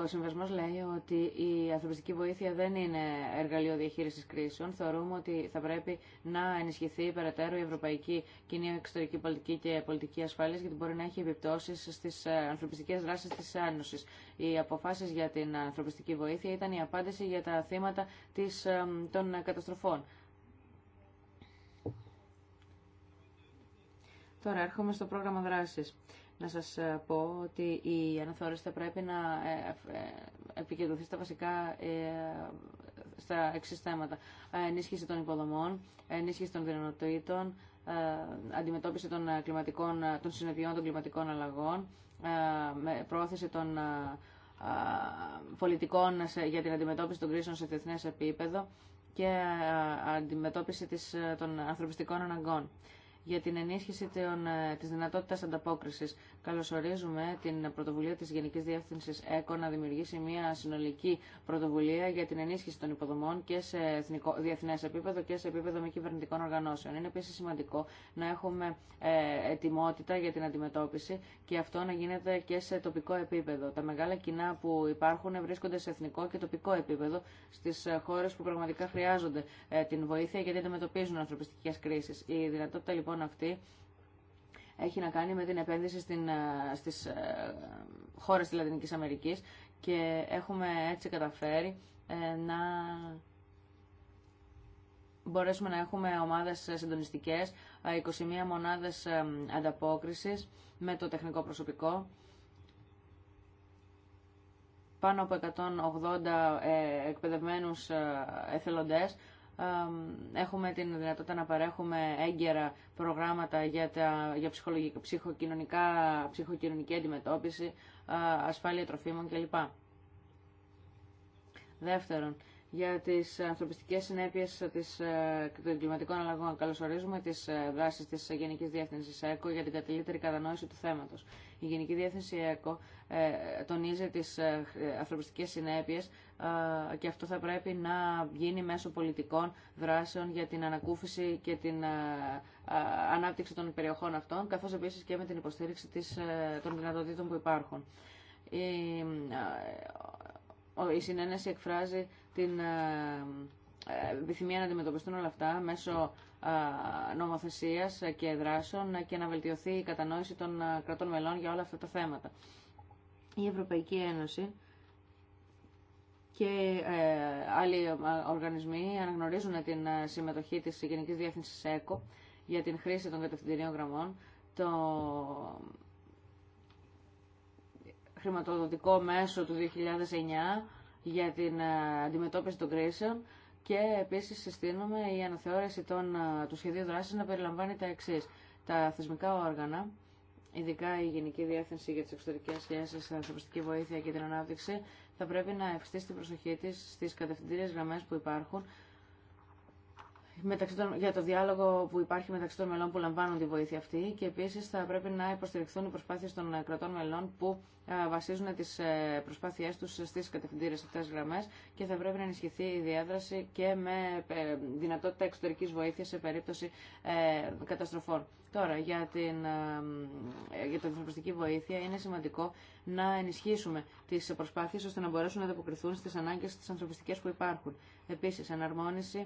ο συμβασμό λέει ότι η ανθρωπιστική βοήθεια δεν είναι εργαλείο διαχείριση κρίσεων. Θεωρούμε ότι θα πρέπει να ενισχυθεί περαιτέρω η ευρωπαϊκή κοινή εξωτερική πολιτική και πολιτική ασφάλεια, γιατί μπορεί να έχει επιπτώσει στι ε, ανθρωπιστικέ δράσει τη Ένωση. Οι αποφάσει για την ανθρωπιστική βοήθεια ήταν η απάντηση για τα θύματα της, ε, των καταστροφών. Τώρα έρχομαι στο πρόγραμμα δράσης να σας ε, πω ότι η αναθεώρηση θα πρέπει να ε, ε, επικεντρωθεί στα βασικά στα εξή θέματα. Ενίσχυση των υποδομών, ενίσχυση των δυνατοτήτων, αντιμετώπιση των, κλιματικών, των κλιματικών αλλαγών, πρόθεση των πολιτικών για την αντιμετώπιση των κρίσεων σε διεθνές επίπεδο και αντιμετώπιση των ανθρωπιστικών αναγκών για την ενίσχυση ε, τη δυνατότητα ανταπόκριση. Καλωσορίζουμε την πρωτοβουλία τη Γενική Διεύθυνση ΕΚΟ να δημιουργήσει μια συνολική πρωτοβουλία για την ενίσχυση των υποδομών και σε διεθνέ επίπεδο και σε επίπεδο μη κυβερνητικών οργανώσεων. Είναι επίση σημαντικό να έχουμε ε, ετοιμότητα για την αντιμετώπιση και αυτό να γίνεται και σε τοπικό επίπεδο. Τα μεγάλα κοινά που υπάρχουν βρίσκονται σε εθνικό και τοπικό επίπεδο στι χώρε που πραγματικά χρειάζονται ε, την βοήθεια γιατί αντιμετωπίζουν ανθρωπιστικέ κρίσει. Η δυνατότητα λοιπόν Λοιπόν αυτή έχει να κάνει με την επένδυση στην, ε, στις ε, χώρες της Λατινικής Αμερικής και έχουμε έτσι καταφέρει ε, να μπορέσουμε να έχουμε ομάδες συντονιστικές, 21 μονάδες ανταπόκρισης με το τεχνικό προσωπικό, πάνω από 180 εκπαιδευμένους εθελοντές έχουμε την δυνατότητα να παρέχουμε έγκαιρα προγράμματα για, τα, για ψυχοκοινωνικά, ψυχοκοινωνική αντιμετώπιση, ασφάλεια τροφίμων κλπ. Δεύτερον, για τις ανθρωπιστικέ συνέπειε ε, των κλιματικών αλλαγών. Καλωσορίζουμε τις ε, δράσει της Γενικής Διεύθυνση ΕΚΟ για την καλύτερη κατανόηση του θέματος. Η Γενική Διεύθυνση ΕΚΟ ε, τονίζει τις ανθρωπιστικές συνέπειες και αυτό θα πρέπει να γίνει μέσω πολιτικών δράσεων για την ανακούφιση και την ανάπτυξη των περιοχών αυτών, καθώ επίση και με την υποστήριξη των δυνατοτήτων που υπάρχουν. Η, η συνένεση εκφράζει την ε, ε, επιθυμία να αντιμετωπιστούν όλα αυτά μέσω ε, νομοθεσίας και δράσεων και να βελτιωθεί η κατανόηση των κρατών μελών για όλα αυτά τα θέματα. Η Ευρωπαϊκή Ένωση και άλλοι οργανισμοί αναγνωρίζουν την συμμετοχή της Γενικής Διεύθυνσης ΕΚΟ για την χρήση των κατευθυντηρίων γραμμών. Το χρηματοδοτικό μέσο του 2009 για την ε, αντιμετώπιση των κρίσεων και επίσης συστήνουμε η αναθεώρηση των, ε, του σχεδίου δράσης να περιλαμβάνει τα εξή. Τα θεσμικά όργανα, ειδικά η Γενική Διεύθυνση για τις Εξωτερικές Σχέσεις, Ανθρωπιστική Βοήθεια και την Ανάπτυξη, θα πρέπει να ευστήσει την προσοχή της στις κατευθυντήριες γραμμές που υπάρχουν μεταξύ για το διάλογο που υπάρχει μεταξύ των μελών που λαμβάνουν τη βοήθεια αυτή και επίσης θα πρέπει να υποστηριχθούν οι προσπάθειες των ε, κρατών μελών που ε, βασίζουν τις ε, προσπάθειές τους στις κατευθυντήρες αυτές γραμμές και θα πρέπει να ενισχυθεί η διάδραση και με δυνατότητα εξωτερικής βοήθειας σε περίπτωση καταστροφών. Τώρα, για την, για την ανθρωπιστική βοήθεια είναι σημαντικό να ενισχύσουμε τις προσπάθειες ώστε να μπορέσουν να ανταποκριθούν στις ανάγκες τι ανθρωπιστικέ που υπάρχουν. Επίσης, εναρμόνιση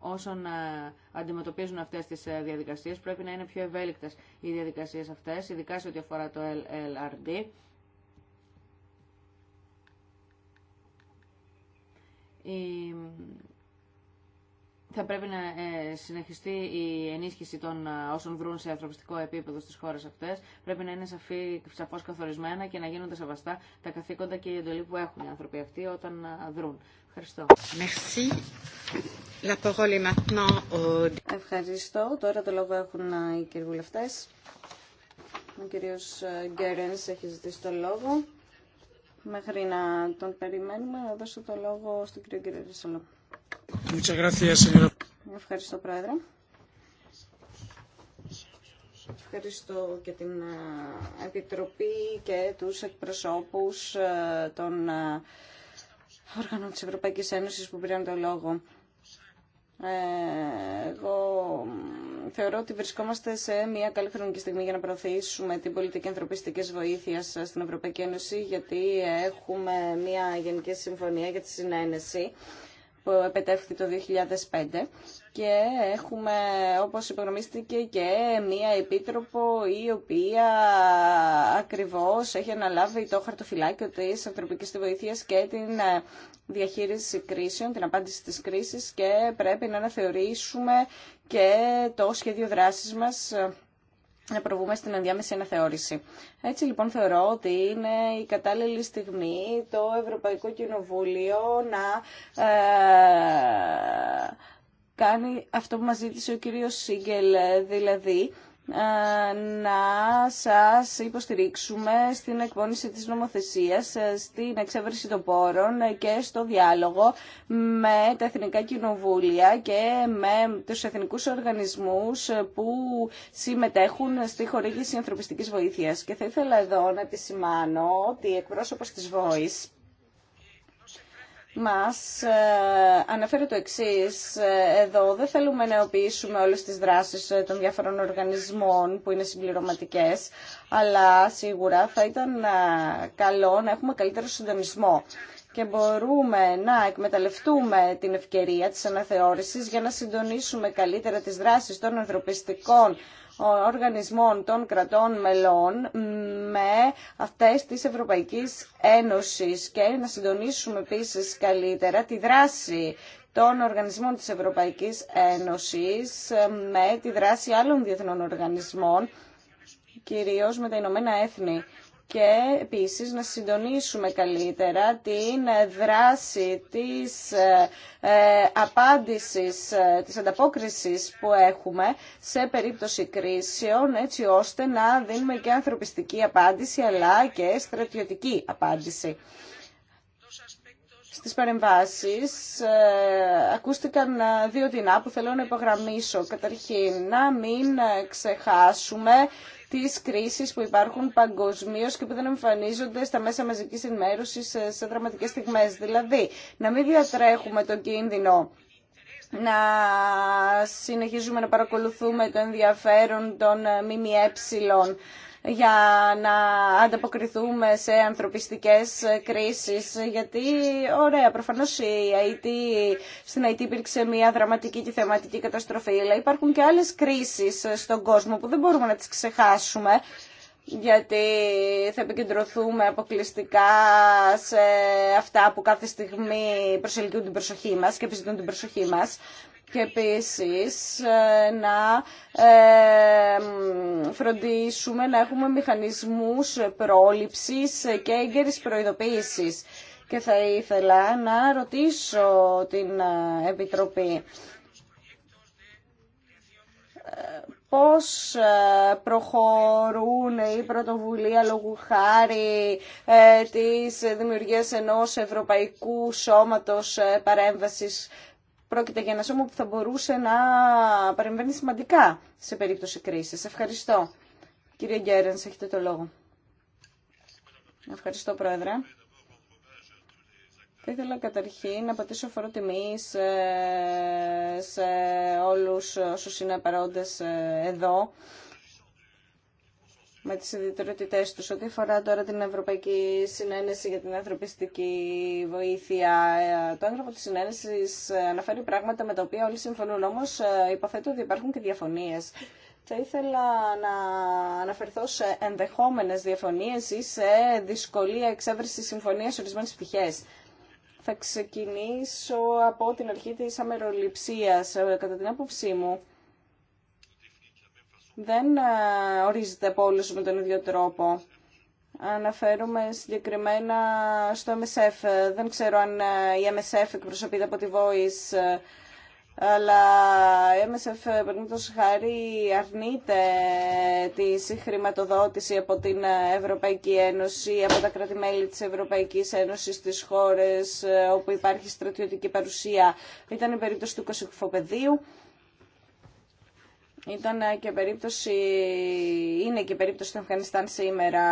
όσων ε, αντιμετωπίζουν αυτές τις ε, διαδικασίες. Πρέπει να είναι πιο ευέλικτες οι διαδικασίες αυτές, ειδικά σε ό,τι αφορά το LRD. Θα πρέπει να ε, συνεχιστεί η ενίσχυση των όσων βρουν σε ανθρωπιστικό επίπεδο στις χώρες αυτές. Πρέπει να είναι σαφή, σαφώς καθορισμένα και να γίνονται σεβαστά τα καθήκοντα και η εντολή που έχουν οι άνθρωποι αυτοί όταν δρούν. Ευχαριστώ. Merci. La parole est maintenant au... Ευχαριστώ. Τώρα το λόγο έχουν ε, οι κύριοι βουλευτές. Ο κύριος ε, Γκέρενς έχει ζητήσει το λόγο. Μέχρι να τον περιμένουμε, να δώσω το λόγο στον κύριο Γκέρενσολό. Ευχαριστώ, Πρόεδρε. Ευχαριστώ και την ε, Επιτροπή και τους εκπροσώπους των όργανων της Ευρωπαϊκής Ένωσης που πήραν το λόγο. Ε, εγώ θεωρώ ότι βρισκόμαστε σε μια καλή χρονική στιγμή για να προωθήσουμε την πολιτική ανθρωπιστικής βοήθειας στην Ευρωπαϊκή Ένωση γιατί έχουμε μια γενική συμφωνία για τη συνένεση που επετεύχθη το 2005 και έχουμε, όπως υπογνωμίστηκε, και μία επίτροπο η οποία ακριβώς έχει αναλάβει το χαρτοφυλάκιο της ανθρωπικής βοήθειας και την ε, διαχείριση κρίσεων, την απάντηση της κρίσης και πρέπει να αναθεωρήσουμε και το σχέδιο δράσης μας ε, να προβούμε στην ενδιάμεση αναθεώρηση. Έτσι λοιπόν θεωρώ ότι είναι η κατάλληλη στιγμή το Ευρωπαϊκό Κοινοβούλιο να ε, κάνει αυτό που μας ζήτησε ο κύριος Σίγκελ, ε, δηλαδή ε, να σας υποστηρίξουμε στην εκπόνηση της νομοθεσίας, ε, στην εξέβριση των πόρων ε, και στο διάλογο με τα Εθνικά Κοινοβούλια και με τους εθνικούς οργανισμούς που συμμετέχουν στη χορήγηση ανθρωπιστικής βοήθειας. Και θα ήθελα εδώ να επισημάνω ότι εκπρόσωπος της Voice μας ε, αναφέρει το εξής. Ε, εδώ δεν θέλουμε να εοποιήσουμε όλες τις δράσεις ε, των διάφορων οργανισμών που είναι συμπληρωματικές, αλλά σίγουρα θα ήταν καλό να έχουμε καλύτερο συντονισμό και μπορούμε να εκμεταλλευτούμε την ευκαιρία της αναθεώρησης για να συντονίσουμε καλύτερα τις δράσεις των ανθρωπιστικών οργανισμών των κρατών μελών με αυτές της Ευρωπαϊκής Ένωσης και να συντονίσουμε επίσης καλύτερα τη δράση των οργανισμών της Ευρωπαϊκής Ένωσης με τη δράση άλλων διεθνών οργανισμών, κυρίως με τα Ηνωμένα Έθνη και επίσης να συντονίσουμε καλύτερα την δράση της ε, ε, απάντησης, ε, της ανταπόκρισης που έχουμε σε περίπτωση κρίσεων έτσι ώστε να δίνουμε και ανθρωπιστική απάντηση αλλά και στρατιωτική απάντηση. Στις παρεμβάσεις ακούστηκαν δύο δεινά που θέλω να υπογραμμίσω. Καταρχήν, να μην ξεχάσουμε τις κρίσεις που υπάρχουν παγκοσμίω και που δεν εμφανίζονται στα μέσα μαζικής ενημέρωσης σε δραματικέ στιγμές. Δηλαδή, να μην διατρέχουμε το κίνδυνο να συνεχίζουμε να παρακολουθούμε το ενδιαφέρον των ε, ΜΜΕ για να ανταποκριθούμε σε ανθρωπιστικές κρίσεις. Γιατί, ωραία, προφανώς η IT, στην IT υπήρξε μια δραματική και θεματική καταστροφή, αλλά υπάρχουν και άλλες κρίσεις στον κόσμο που δεν μπορούμε να τις ξεχάσουμε γιατί θα επικεντρωθούμε αποκλειστικά σε αυτά που κάθε στιγμή προσελκύουν την προσοχή μας και επιζητούν την προσοχή μας και επίσης ε, να ε, φροντίσουμε να έχουμε μηχανισμούς πρόληψης και έγκαιρης προειδοποίησης. Και θα ήθελα να ρωτήσω την ε, Επιτροπή πώς προχωρούν η πρωτοβουλία λόγου χάρη της δημιουργίας ενός Ευρωπαϊκού Σώματος Παρέμβασης Πρόκειται για ένα σώμα που θα μπορούσε να παρεμβαίνει σημαντικά σε περίπτωση κρίσης. Ευχαριστώ. Κύριε Γκέρεν, έχετε το λόγο. Ευχαριστώ, Πρόεδρε. Θα ήθελα καταρχήν να πατήσω φορό τιμή σε, σε όλους όσους είναι παρόντες ε, εδώ με τις ιδιαιτερότητές τους. Ό,τι αφορά τώρα την Ευρωπαϊκή Συνένεση για την Ανθρωπιστική Βοήθεια, ε, το έγγραφο της Συνένεσης ε, αναφέρει πράγματα με τα οποία όλοι συμφωνούν, όμως ε, υποθέτω ότι υπάρχουν και διαφωνίες. Θα ήθελα να αναφερθώ σε ενδεχόμενες διαφωνίες ή σε δυσκολία συμφωνία συμφωνίας ορισμένες πτυχές. Θα ξεκινήσω από την αρχή της αμεροληψίας. Κατά την άποψή μου, δεν ε, ορίζεται από όλους με τον ίδιο τρόπο. Αναφέρουμε συγκεκριμένα στο MSF. Δεν ξέρω αν ε, η MSF εκπροσωπείται από τη Voice, ε, αλλά η MSF, παραδείγματος χάρη, αρνείται τη συγχρηματοδότηση από την Ευρωπαϊκή Ένωση, από τα κράτη-μέλη της Ευρωπαϊκής Ένωσης στις χώρες όπου υπάρχει στρατιωτική παρουσία. Ήταν η περίπτωση του Κωσυφοπεδίου ήταν και περίπτωση, είναι και περίπτωση του Αφγανιστάν σήμερα,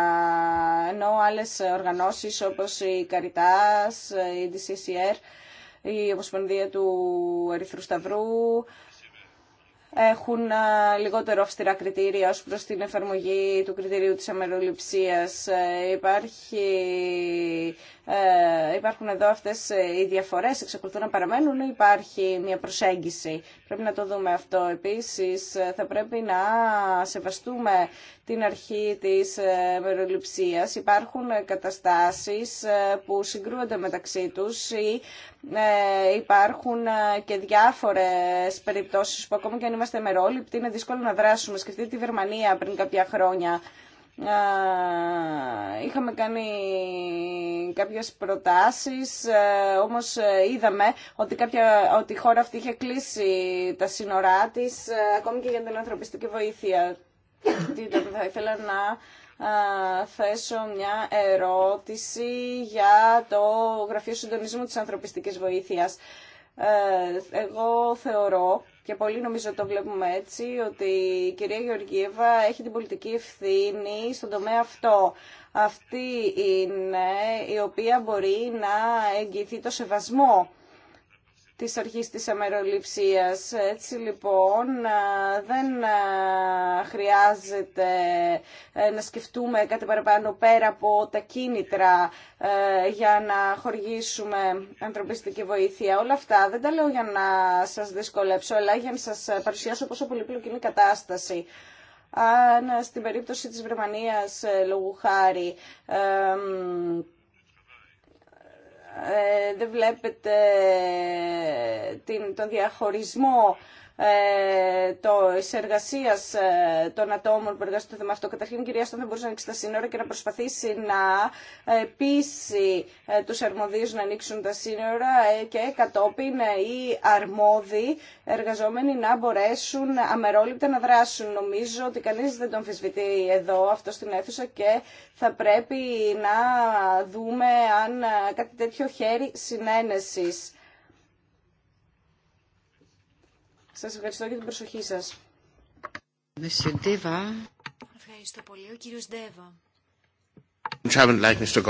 ενώ άλλες οργανώσεις όπως η Καριτάς, η DCCR, η Ομοσπονδία του Ερυθρού Σταυρού, έχουν λιγότερο αυστηρά κριτήρια ως προς την εφαρμογή του κριτηρίου της αμεροληψίας. Ε, υπάρχει ε, υπάρχουν εδώ αυτές ε, οι διαφορές, εξακολουθούν να παραμένουν ή υπάρχει μια προσέγγιση. Πρέπει να το δούμε αυτό. Επίσης ε, θα πρέπει να σεβαστούμε την αρχή της μεροληψίας. Υπάρχουν καταστάσεις που συγκρούονται μεταξύ τους ή υπάρχουν και διάφορες περιπτώσεις που ακόμα και αν είμαστε μερόληπτοι είναι δύσκολο να δράσουμε. Σκεφτείτε τη Βερμανία πριν κάποια χρόνια είχαμε κάνει κάποιες προτάσεις, ε, όμως ε, είδαμε ότι, κάποια, ότι η χώρα αυτή είχε κλείσει τα σύνορά της, ε, ακόμη και για την ανθρωπιστική βοήθεια. Θα ήθελα να θέσω μια ερώτηση για το Γραφείο Συντονισμού της Ανθρωπιστικής Βοήθειας. Εγώ θεωρώ και πολύ νομίζω το βλέπουμε έτσι, ότι η κυρία Γεωργίευα έχει την πολιτική ευθύνη στον τομέα αυτό. Αυτή είναι η οποία μπορεί να εγγυηθεί το σεβασμό της αρχής της αμεροληψίας. Έτσι λοιπόν δεν χρειάζεται ε, να σκεφτούμε κάτι παραπάνω πέρα από τα κίνητρα ε, για να χορηγήσουμε ανθρωπιστική βοήθεια. Όλα αυτά δεν τα λέω για να σας δυσκολέψω, αλλά για να σας παρουσιάσω πόσο πολύπλοκη είναι η κατάσταση. Αν στην περίπτωση της Βρεμανίας, ε, λόγου χάρη, ε, δεν βλέπετε την, τον διαχωρισμό ε, το, ε, των ατόμων που εργάζονται στο θέμα αυτό. Καταρχήν, η κυρία Στον δεν μπορούσε να ανοίξει τα σύνορα και να προσπαθήσει να πείσει ε, τους αρμοδίους να ανοίξουν τα σύνορα ε, και κατόπιν οι αρμόδιοι εργαζόμενοι να μπορέσουν αμερόληπτα να δράσουν. Νομίζω ότι κανείς δεν τον αμφισβητεί εδώ αυτό στην αίθουσα και θα πρέπει να δούμε αν κάτι τέτοιο χέρι συνένεσης. Σας ευχαριστώ για την προσοχή σας. Ευχαριστώ πολύ. Ο κύριος Ντέβα.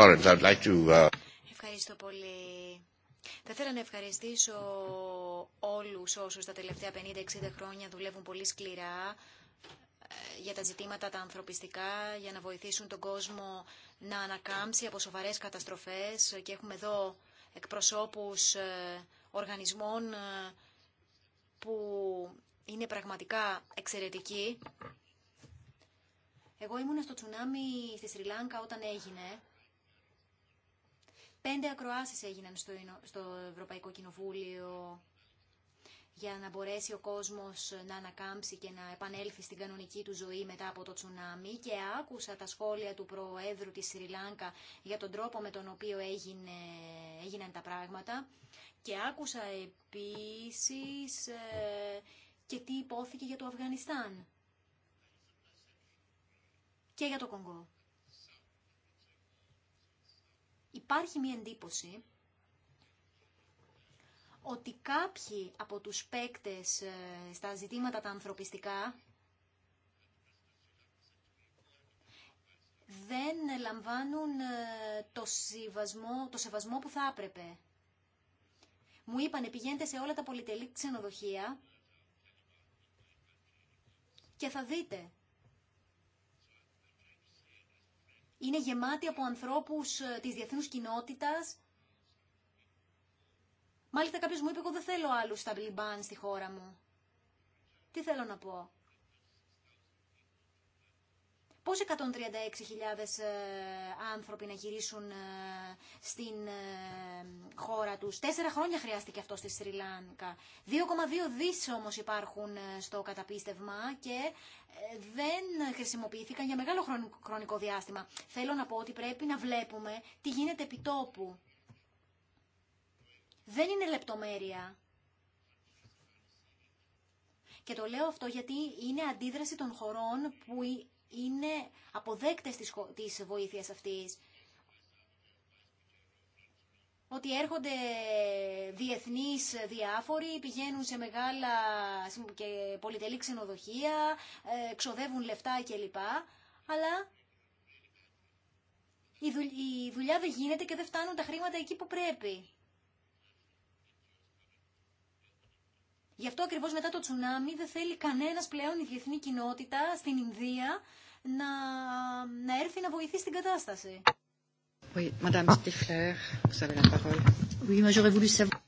Uh, ευχαριστώ πολύ. Θα ήθελα να ευχαριστήσω όλους όσους τα τελευταία 50-60 χρόνια δουλεύουν πολύ σκληρά ε, για τα ζητήματα τα ανθρωπιστικά, για να βοηθήσουν τον κόσμο να ανακάμψει από σοβαρές καταστροφές και έχουμε εδώ εκπροσώπους ε, οργανισμών ε, που είναι πραγματικά εξαιρετική. Εγώ ήμουν στο τσουνάμι στη Σρι Λάνκα όταν έγινε. Πέντε ακροάσεις έγιναν στο, στο Ευρωπαϊκό Κοινοβούλιο για να μπορέσει ο κόσμος να ανακάμψει και να επανέλθει στην κανονική του ζωή μετά από το τσουνάμι και άκουσα τα σχόλια του Προέδρου της Σρι για τον τρόπο με τον οποίο έγιναν τα πράγματα και άκουσα επίσης ε, και τι υπόθηκε για το Αφγανιστάν και για το Κονγκό. Υπάρχει μια εντύπωση ότι κάποιοι από τους παίκτες ε, στα ζητήματα τα ανθρωπιστικά δεν λαμβάνουν ε, το, το σεβασμό που θα έπρεπε. Μου είπαν, πηγαίνετε σε όλα τα πολυτελή ξενοδοχεία και θα δείτε. Είναι γεμάτη από ανθρώπους ε, της διεθνούς κοινότητας Μάλιστα κάποιος μου είπε εγώ δεν θέλω άλλους μπλιμπάν στη χώρα μου. Τι θέλω να πω. Πώς 136.000 ε, άνθρωποι να γυρίσουν ε, στην ε, χώρα τους. Τέσσερα χρόνια χρειάστηκε αυτό στη Σρι 2,2 δις όμως υπάρχουν στο καταπίστευμα και δεν χρησιμοποιήθηκαν για μεγάλο χρονικό διάστημα. Θέλω να πω ότι πρέπει να βλέπουμε τι γίνεται επί τόπου δεν είναι λεπτομέρεια. Και το λέω αυτό γιατί είναι αντίδραση των χωρών που είναι αποδέκτες της βοήθειας αυτής. Ότι έρχονται διεθνείς διάφοροι, πηγαίνουν σε μεγάλα και πολυτελή ξενοδοχεία, ε, ξοδεύουν λεφτά κλπ. Αλλά η δουλειά δεν γίνεται και δεν φτάνουν τα χρήματα εκεί που πρέπει. Γι' αυτό ακριβώς μετά το τσουνάμι δεν θέλει κανένας πλέον η διεθνή κοινότητα στην Ινδία να, να έρθει να βοηθήσει την κατάσταση. Oui, Madame vous avez la parole. Oui, j'aurais voulu savoir.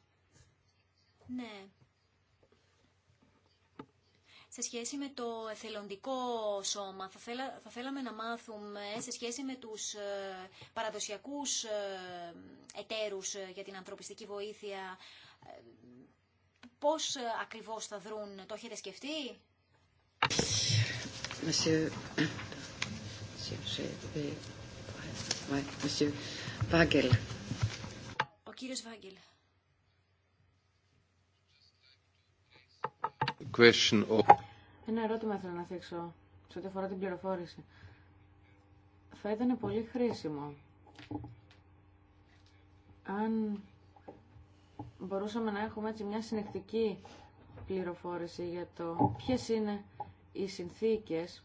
Ναι. Σε σχέση με το εθελοντικό σώμα, θα, θέλα, θα θέλαμε να μάθουμε σε σχέση με τους ε, παραδοσιακούς ε, εταίρους ε, για την ανθρωπιστική βοήθεια, ε, πώς ε, ακριβώς θα δρουν. Το έχετε σκεφτεί? Ο κύριος Βάγκελ. Ένα ερώτημα θέλω να θέξω σε ό,τι αφορά την πληροφόρηση. Θα ήταν πολύ χρήσιμο αν μπορούσαμε να έχουμε έτσι μια συνεκτική πληροφόρηση για το ποιες είναι οι συνθήκες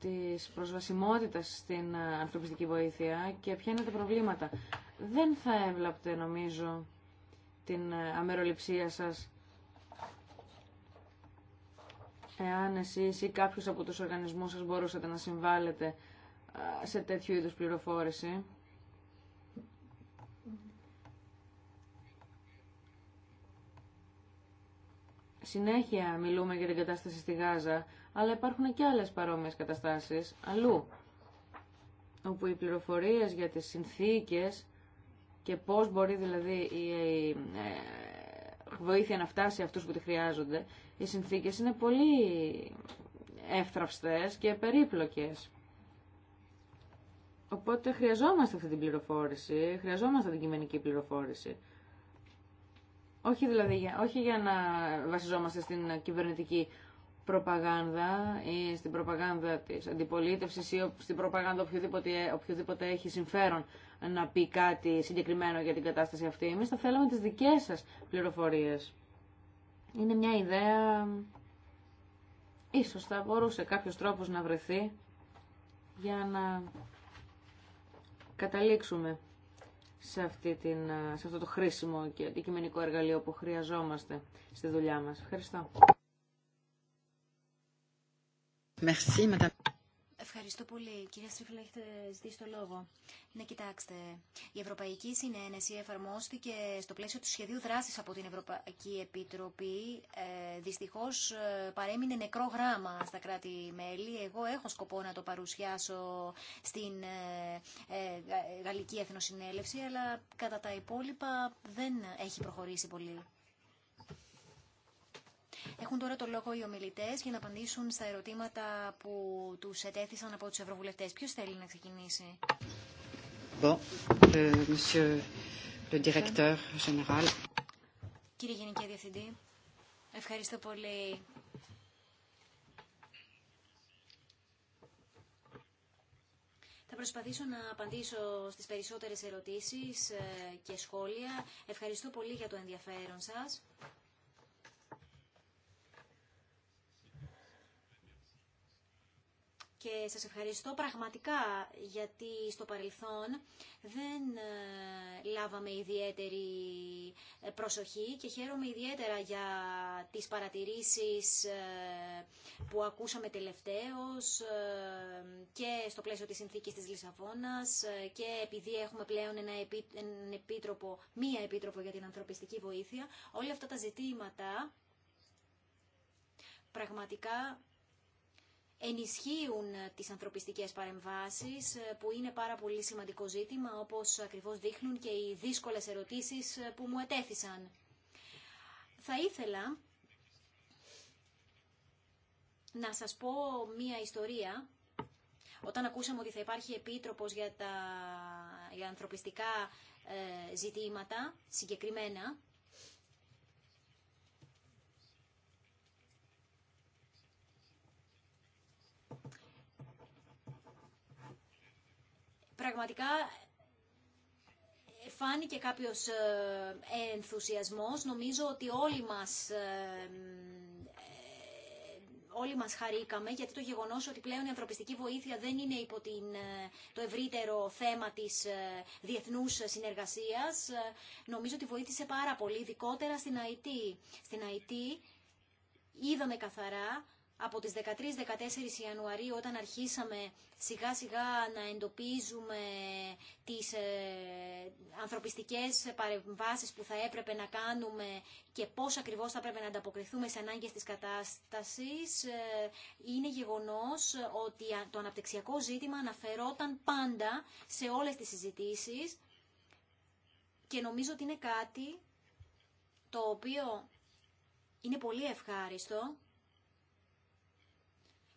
της προσβασιμότητας στην ε, ανθρωπιστική βοήθεια και ποια είναι τα προβλήματα. Δεν θα έβλαπτε νομίζω την ε, αμεροληψία σας εάν εσείς ή κάποιος από τους οργανισμούς σας μπορούσατε να συμβάλλετε ε, σε τέτοιου είδους πληροφόρηση. Συνέχεια μιλούμε για την κατάσταση στη Γάζα, αλλά υπάρχουν και άλλες παρόμοιες καταστάσεις αλλού, όπου οι πληροφορίες για τις συνθήκες και πώς μπορεί δηλαδή η ε, ε, βοήθεια να φτάσει αυτούς που τη χρειάζονται, οι συνθήκες είναι πολύ εύθραυστες και περίπλοκες. Οπότε χρειαζόμαστε αυτή την πληροφόρηση, χρειαζόμαστε την κειμενική πληροφόρηση. Όχι δηλαδή, όχι για να βασιζόμαστε στην κυβερνητική προπαγάνδα ή στην προπαγάνδα της αντιπολίτευσης ή στην προπαγάνδα οποιοδήποτε, ε- οποιοδήποτε έχει συμφέρον να πει κάτι συγκεκριμένο για την κατάσταση αυτή. Εμείς θα θέλαμε τις δικές σας πληροφορίες. Είναι μια ιδέα... Ίσως θα μπορούσε κάποιος τρόπος να βρεθεί για να καταλήξουμε σε, αυτή την, ε, σε αυτό το χρήσιμο και αντικειμενικό εργαλείο που χρειαζόμαστε στη δουλειά μας. Ευχαριστώ. Ευχαριστώ πολύ. Κυρία Στρίφλα, έχετε ζητήσει το λόγο. Ναι, κοιτάξτε. Η Ευρωπαϊκή Συνένεση εφαρμόστηκε στο πλαίσιο του σχεδίου δράση από την Ευρωπαϊκή Επίτροπη. Ε, Δυστυχώ ε, παρέμεινε νεκρό γράμμα στα κράτη-μέλη. Εγώ έχω σκοπό να το παρουσιάσω στην ε, ε Γαλλική Εθνοσυνέλευση, αλλά κατά τα υπόλοιπα δεν έχει προχωρήσει πολύ. Έχουν τώρα το λόγο οι ομιλητέ για να απαντήσουν στα ερωτήματα που του ετέθησαν από του Ευρωβουλευτέ. Ποιο θέλει να ξεκινήσει. Euh, Κύριε Γενική Διευθυντή, ευχαριστώ πολύ. Θα προσπαθήσω να απαντήσω στις περισσότερες ερωτήσεις ε, και σχόλια. Ευχαριστώ πολύ για το ενδιαφέρον σας. και σας ευχαριστώ πραγματικά γιατί στο παρελθόν δεν ε, λάβαμε ιδιαίτερη ε, προσοχή και χαίρομαι ιδιαίτερα για τις παρατηρήσεις ε, που ακούσαμε τελευταίως και στο πλαίσιο της συνθήκης της Λισαβόνας και επειδή έχουμε πλέον ένα επίτροπο, μία επίτροπο για την ανθρωπιστική βοήθεια, όλα αυτά τα ζητήματα πραγματικά ενισχύουν ε, τις ανθρωπιστικές παρεμβάσεις ε, που είναι πάρα πολύ σημαντικό ζήτημα όπως ακριβώς δείχνουν και οι δύσκολες ερωτήσεις ε, που μου ετέθησαν. Θα ήθελα να σας πω μία ιστορία. Όταν ακούσαμε ότι θα υπάρχει επίτροπος για τα για ανθρωπιστικά ζητήματα συγκεκριμένα, πραγματικά φάνηκε κάποιος ε, ενθουσιασμός. Νομίζω ότι όλοι μας ε, ε, όλοι μας χαρήκαμε, γιατί το γεγονός ότι πλέον η ανθρωπιστική βοήθεια δεν είναι υπό την, το ευρύτερο θέμα της διεθνούς συνεργασίας, νομίζω ότι βοήθησε πάρα πολύ, ειδικότερα στην ΑΕΤ. Στην ΑΕΤ είδαμε καθαρά από τις 13-14 Ιανουαρίου όταν αρχίσαμε σιγά σιγά να εντοπίζουμε τις ε, ανθρωπιστικές παρεμβάσεις που θα έπρεπε να κάνουμε και πώς ακριβώς θα πρέπει να ανταποκριθούμε σε ανάγκες της κατάστασης, ε, είναι γεγονός ότι το αναπτυξιακό ζήτημα αναφερόταν πάντα σε όλες τις συζητήσεις και νομίζω ότι είναι κάτι το οποίο είναι πολύ ευχάριστο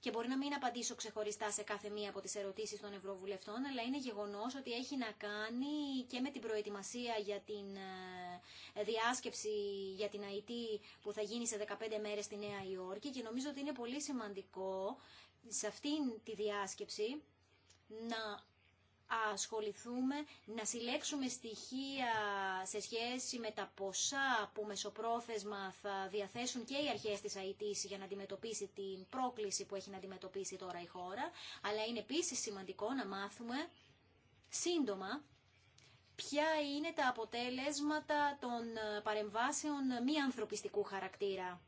και μπορεί να μην απαντήσω ξεχωριστά σε κάθε μία από τις ερωτήσεις των Ευρωβουλευτών, αλλά είναι γεγονός ότι έχει να κάνει και με την προετοιμασία για την ε, διάσκεψη για την ΑΕΤ που θα γίνει σε 15 μέρες στη Νέα Υόρκη και νομίζω ότι είναι πολύ σημαντικό σε αυτήν τη διάσκεψη να ασχοληθούμε, να συλλέξουμε στοιχεία σε σχέση με τα ποσά που μεσοπρόθεσμα θα διαθέσουν και οι αρχές της ΑΕΤΙΣ για να αντιμετωπίσει την πρόκληση που έχει να αντιμετωπίσει τώρα η χώρα, αλλά είναι επίσης σημαντικό να μάθουμε σύντομα ποια είναι τα αποτέλεσματα των παρεμβάσεων μη ανθρωπιστικού χαρακτήρα.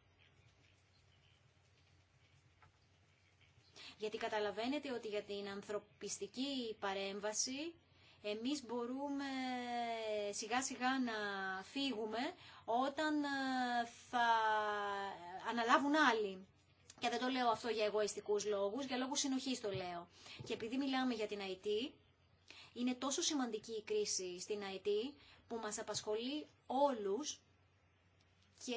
γιατί καταλαβαίνετε ότι για την ανθρωπιστική παρέμβαση εμείς μπορούμε σιγά σιγά να φύγουμε όταν ε, θα αναλάβουν άλλοι. Και δεν το λέω αυτό για εγωιστικούς λόγους, για λόγους συνοχής το λέω. Και επειδή μιλάμε για την IT, είναι τόσο σημαντική η κρίση στην IT που μας απασχολεί όλους και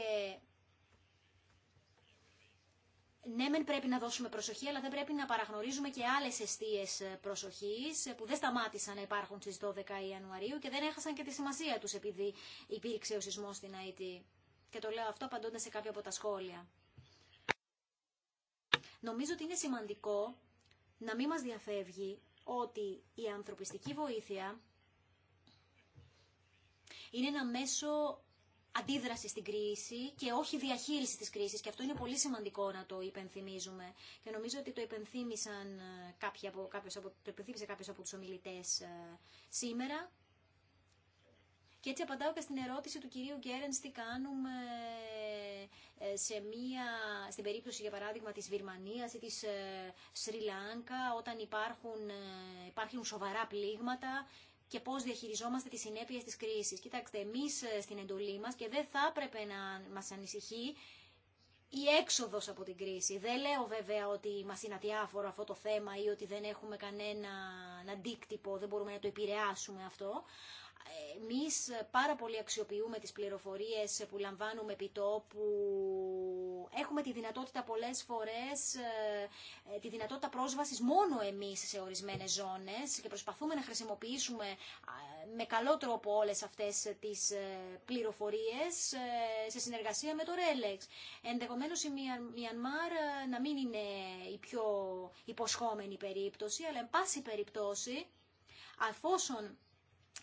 ναι, μεν πρέπει να δώσουμε προσοχή, αλλά δεν πρέπει να παραγνωρίζουμε και άλλε αιστείε προσοχή ε, που δεν σταμάτησαν να υπάρχουν στι 12 Ιανουαρίου και δεν έχασαν και τη σημασία του επειδή υπήρξε ο σεισμό στην Αϊτή. Και το λέω αυτό απαντώντα σε κάποια από τα σχόλια. Νομίζω ότι είναι σημαντικό να μην μας διαφεύγει ότι η ανθρωπιστική βοήθεια είναι ένα μέσο αντίδραση στην κρίση και όχι διαχείριση της κρίσης. Και αυτό είναι πολύ σημαντικό να το υπενθυμίζουμε. Και νομίζω ότι το υπενθύμησαν ε, κάποιοι από, κάποιος από, το υπενθύμισε κάποιος από τους ομιλητές ε, σήμερα. Και έτσι απαντάω και στην ερώτηση του κυρίου Γκέρενς τι κάνουμε ε, σε μία, στην περίπτωση για παράδειγμα της Βυρμανίας ή της Σρι όταν υπάρχουν σοβαρά πλήγματα και πώς διαχειριζόμαστε τι συνέπειε τη κρίση. Κοιτάξτε, εμεί ε, στην εντολή μας και δεν θα έπρεπε να μας ανησυχεί η έξοδος από την κρίση. Δεν λέω βέβαια ότι μα είναι αδιάφορο αυτό το θέμα ή ότι δεν έχουμε κανένα αντίκτυπο, δεν μπορούμε να το επηρεάσουμε αυτό. Εμεί πάρα πολύ αξιοποιούμε τις πληροφορίες που λαμβάνουμε επί τόπου έχουμε τη δυνατότητα πολλές φορές, ε, ε, τη δυνατότητα πρόσβασης μόνο εμείς σε ορισμένες ζώνες και προσπαθούμε να χρησιμοποιήσουμε με καλό τρόπο όλες αυτές τις ε, πληροφορίες σε συνεργασία με το Ρέλεξ. Ενδεχομένως η Μιανμάρ να μην είναι η πιο υποσχόμενη περίπτωση, αλλά εν πάση περιπτώσει, αφόσον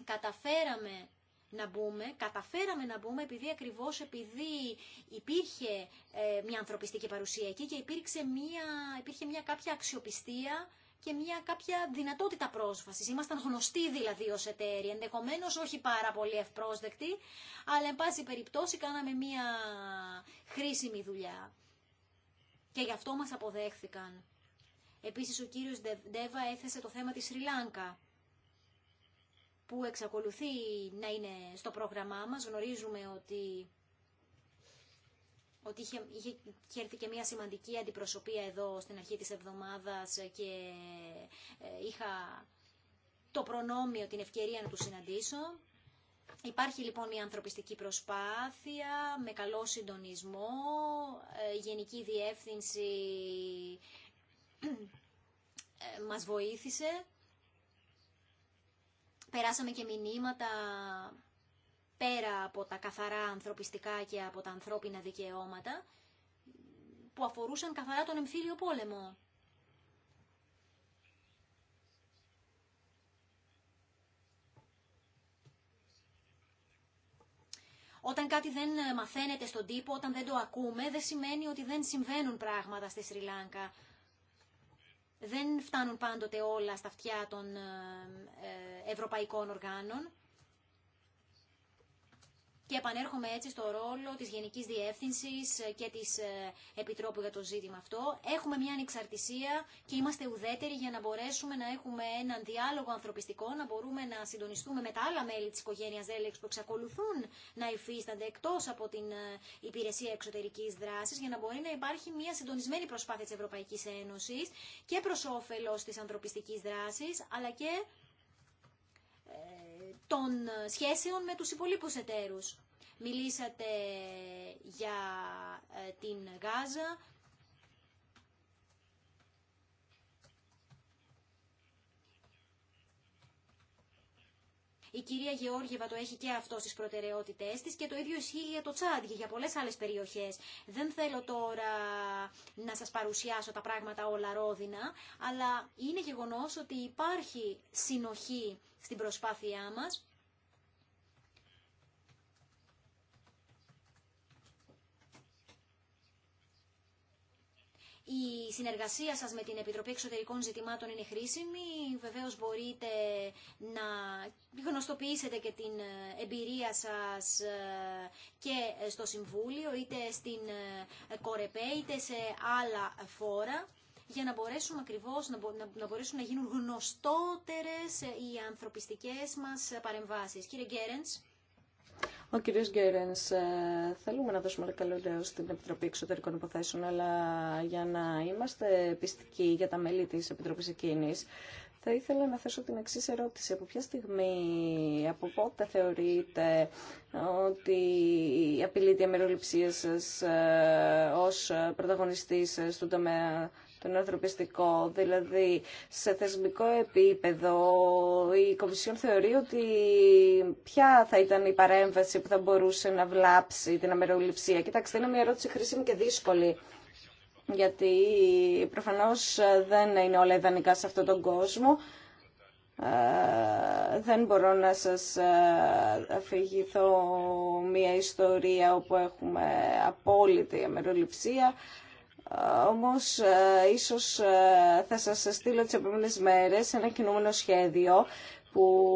καταφέραμε να μπούμε, καταφέραμε να μπούμε επειδή ακριβώς επειδή υπήρχε ε, μια ανθρωπιστική παρουσία εκεί και υπήρξε μια, υπήρχε μια κάποια αξιοπιστία και μια κάποια δυνατότητα πρόσβασης. Ήμασταν γνωστοί δηλαδή ως εταίροι, ενδεχομένως όχι πάρα πολύ ευπρόσδεκτοι, αλλά εν πάση περιπτώσει κάναμε μια χρήσιμη δουλειά. Και γι' αυτό μας αποδέχθηκαν. Επίσης ο κύριος Ντέβα έθεσε το θέμα της Σρι που εξακολουθεί να είναι στο πρόγραμμά μας. Γνωρίζουμε ότι, ότι είχε, είχε έρθει και μια σημαντική αντιπροσωπεία εδώ στην αρχή της εβδομάδας και ε, είχα το προνόμιο, την ευκαιρία να του συναντήσω. Υπάρχει λοιπόν μια ανθρωπιστική προσπάθεια με καλό συντονισμό, ε, γενική διεύθυνση ε, μας βοήθησε Περάσαμε και μηνύματα πέρα από τα καθαρά ανθρωπιστικά και από τα ανθρώπινα δικαιώματα που αφορούσαν καθαρά τον εμφύλιο πόλεμο. Όταν κάτι δεν μαθαίνεται στον τύπο, όταν δεν το ακούμε, δεν σημαίνει ότι δεν συμβαίνουν πράγματα στη Σρι Λάγκα δεν φτάνουν πάντοτε όλα στα αυτιά των ε, ε, ευρωπαϊκών οργάνων και επανέρχομαι έτσι στο ρόλο της Γενικής Διεύθυνσης και της ε, Επιτρόπου για το ζήτημα αυτό. Έχουμε μια ανεξαρτησία και είμαστε ουδέτεροι για να μπορέσουμε να έχουμε έναν διάλογο ανθρωπιστικό, να μπορούμε να συντονιστούμε με τα άλλα μέλη της οικογένειας Δέλεξ που εξακολουθούν να υφίστανται εκτός από την ε, υπηρεσία εξωτερικής δράσης για να μπορεί να υπάρχει μια συντονισμένη προσπάθεια της Ευρωπαϊκής Ένωσης και προς όφελος της ανθρωπιστικής δράσης αλλά και των ε, σχέσεων με τους υπολείπους εταίρους. Μιλήσατε για ε, την Γάζα, Η κυρία Γεώργιεβα το έχει και αυτό στι προτεραιότητε τη και το ίδιο ισχύει για το Τσάντ και για πολλές άλλες περιοχές. Δεν θέλω τώρα να σας παρουσιάσω τα πράγματα όλα ρόδινα, αλλά είναι γεγονό ότι υπάρχει συνοχή στην προσπάθειά μας η συνεργασία σας με την Επιτροπή Εξωτερικών Ζητημάτων είναι χρήσιμη. Βεβαίως μπορείτε να γνωστοποιήσετε και την ε, εμπειρία σας ε, και στο Συμβούλιο, είτε στην ε, Κορεπέ, είτε σε άλλα φόρα για να μπορέσουν ακριβώς, να μπορέσουν να γίνουν γνωστότερες οι ανθρωπιστικές μας παρεμβάσεις. Κύριε Γκέρεντς. Ο κύριο Γκέρεν, ε, θέλουμε να δώσουμε καλό νέο στην Επιτροπή Εξωτερικών Υποθέσεων, αλλά για να είμαστε πιστικοί για τα μέλη της Επιτροπής εκείνης, θα ήθελα να θέσω την εξή ερώτηση. Από ποια στιγμή, από πότε θεωρείτε ότι απειλείται η αμεροληψία σας ε, ως πρωταγωνιστής στον τομέα τον ανθρωπιστικό, δηλαδή σε θεσμικό επίπεδο η Κομισιόν θεωρεί ότι ποια θα ήταν η παρέμβαση που θα μπορούσε να βλάψει την αμεροληψία. Κοιτάξτε, είναι μια ερώτηση χρήσιμη και δύσκολη γιατί προφανώς δεν είναι όλα ιδανικά σε αυτόν τον κόσμο. Ε, δεν μπορώ να σας ε, αφηγηθώ μια ιστορία όπου έχουμε απόλυτη αμεροληψία όμως ε, ίσως ε, θα σας στείλω τις επόμενες μέρες ένα κινούμενο σχέδιο που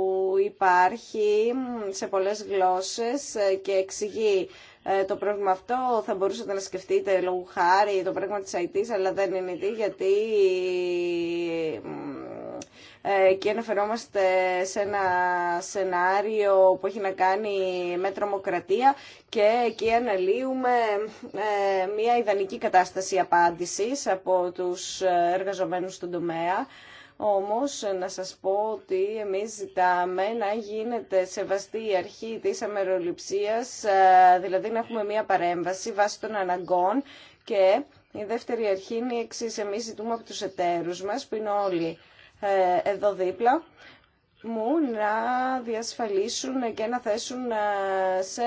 υπάρχει σε πολλές γλώσσες ε, και εξηγεί το πρόβλημα αυτό. Θα μπορούσατε να σκεφτείτε λόγω χάρη το πράγμα της IT, αλλά δεν είναι τι, γιατί ε, και αναφερόμαστε σε ένα σενάριο που έχει να κάνει με τρομοκρατία και εκεί αναλύουμε ε, μια ιδανική κατάσταση απάντησης από τους εργαζομένους στον τομέα. Όμως να σας πω ότι εμείς ζητάμε να γίνεται σεβαστή η αρχή της αμεροληψίας, ε, δηλαδή να έχουμε μια παρέμβαση βάσει των αναγκών και η δεύτερη αρχή είναι η εξής. Εμείς ζητούμε από τους εταίρους μας που είναι όλοι ε, εδώ δίπλα μου να διασφαλίσουν και να θέσουν ε, σε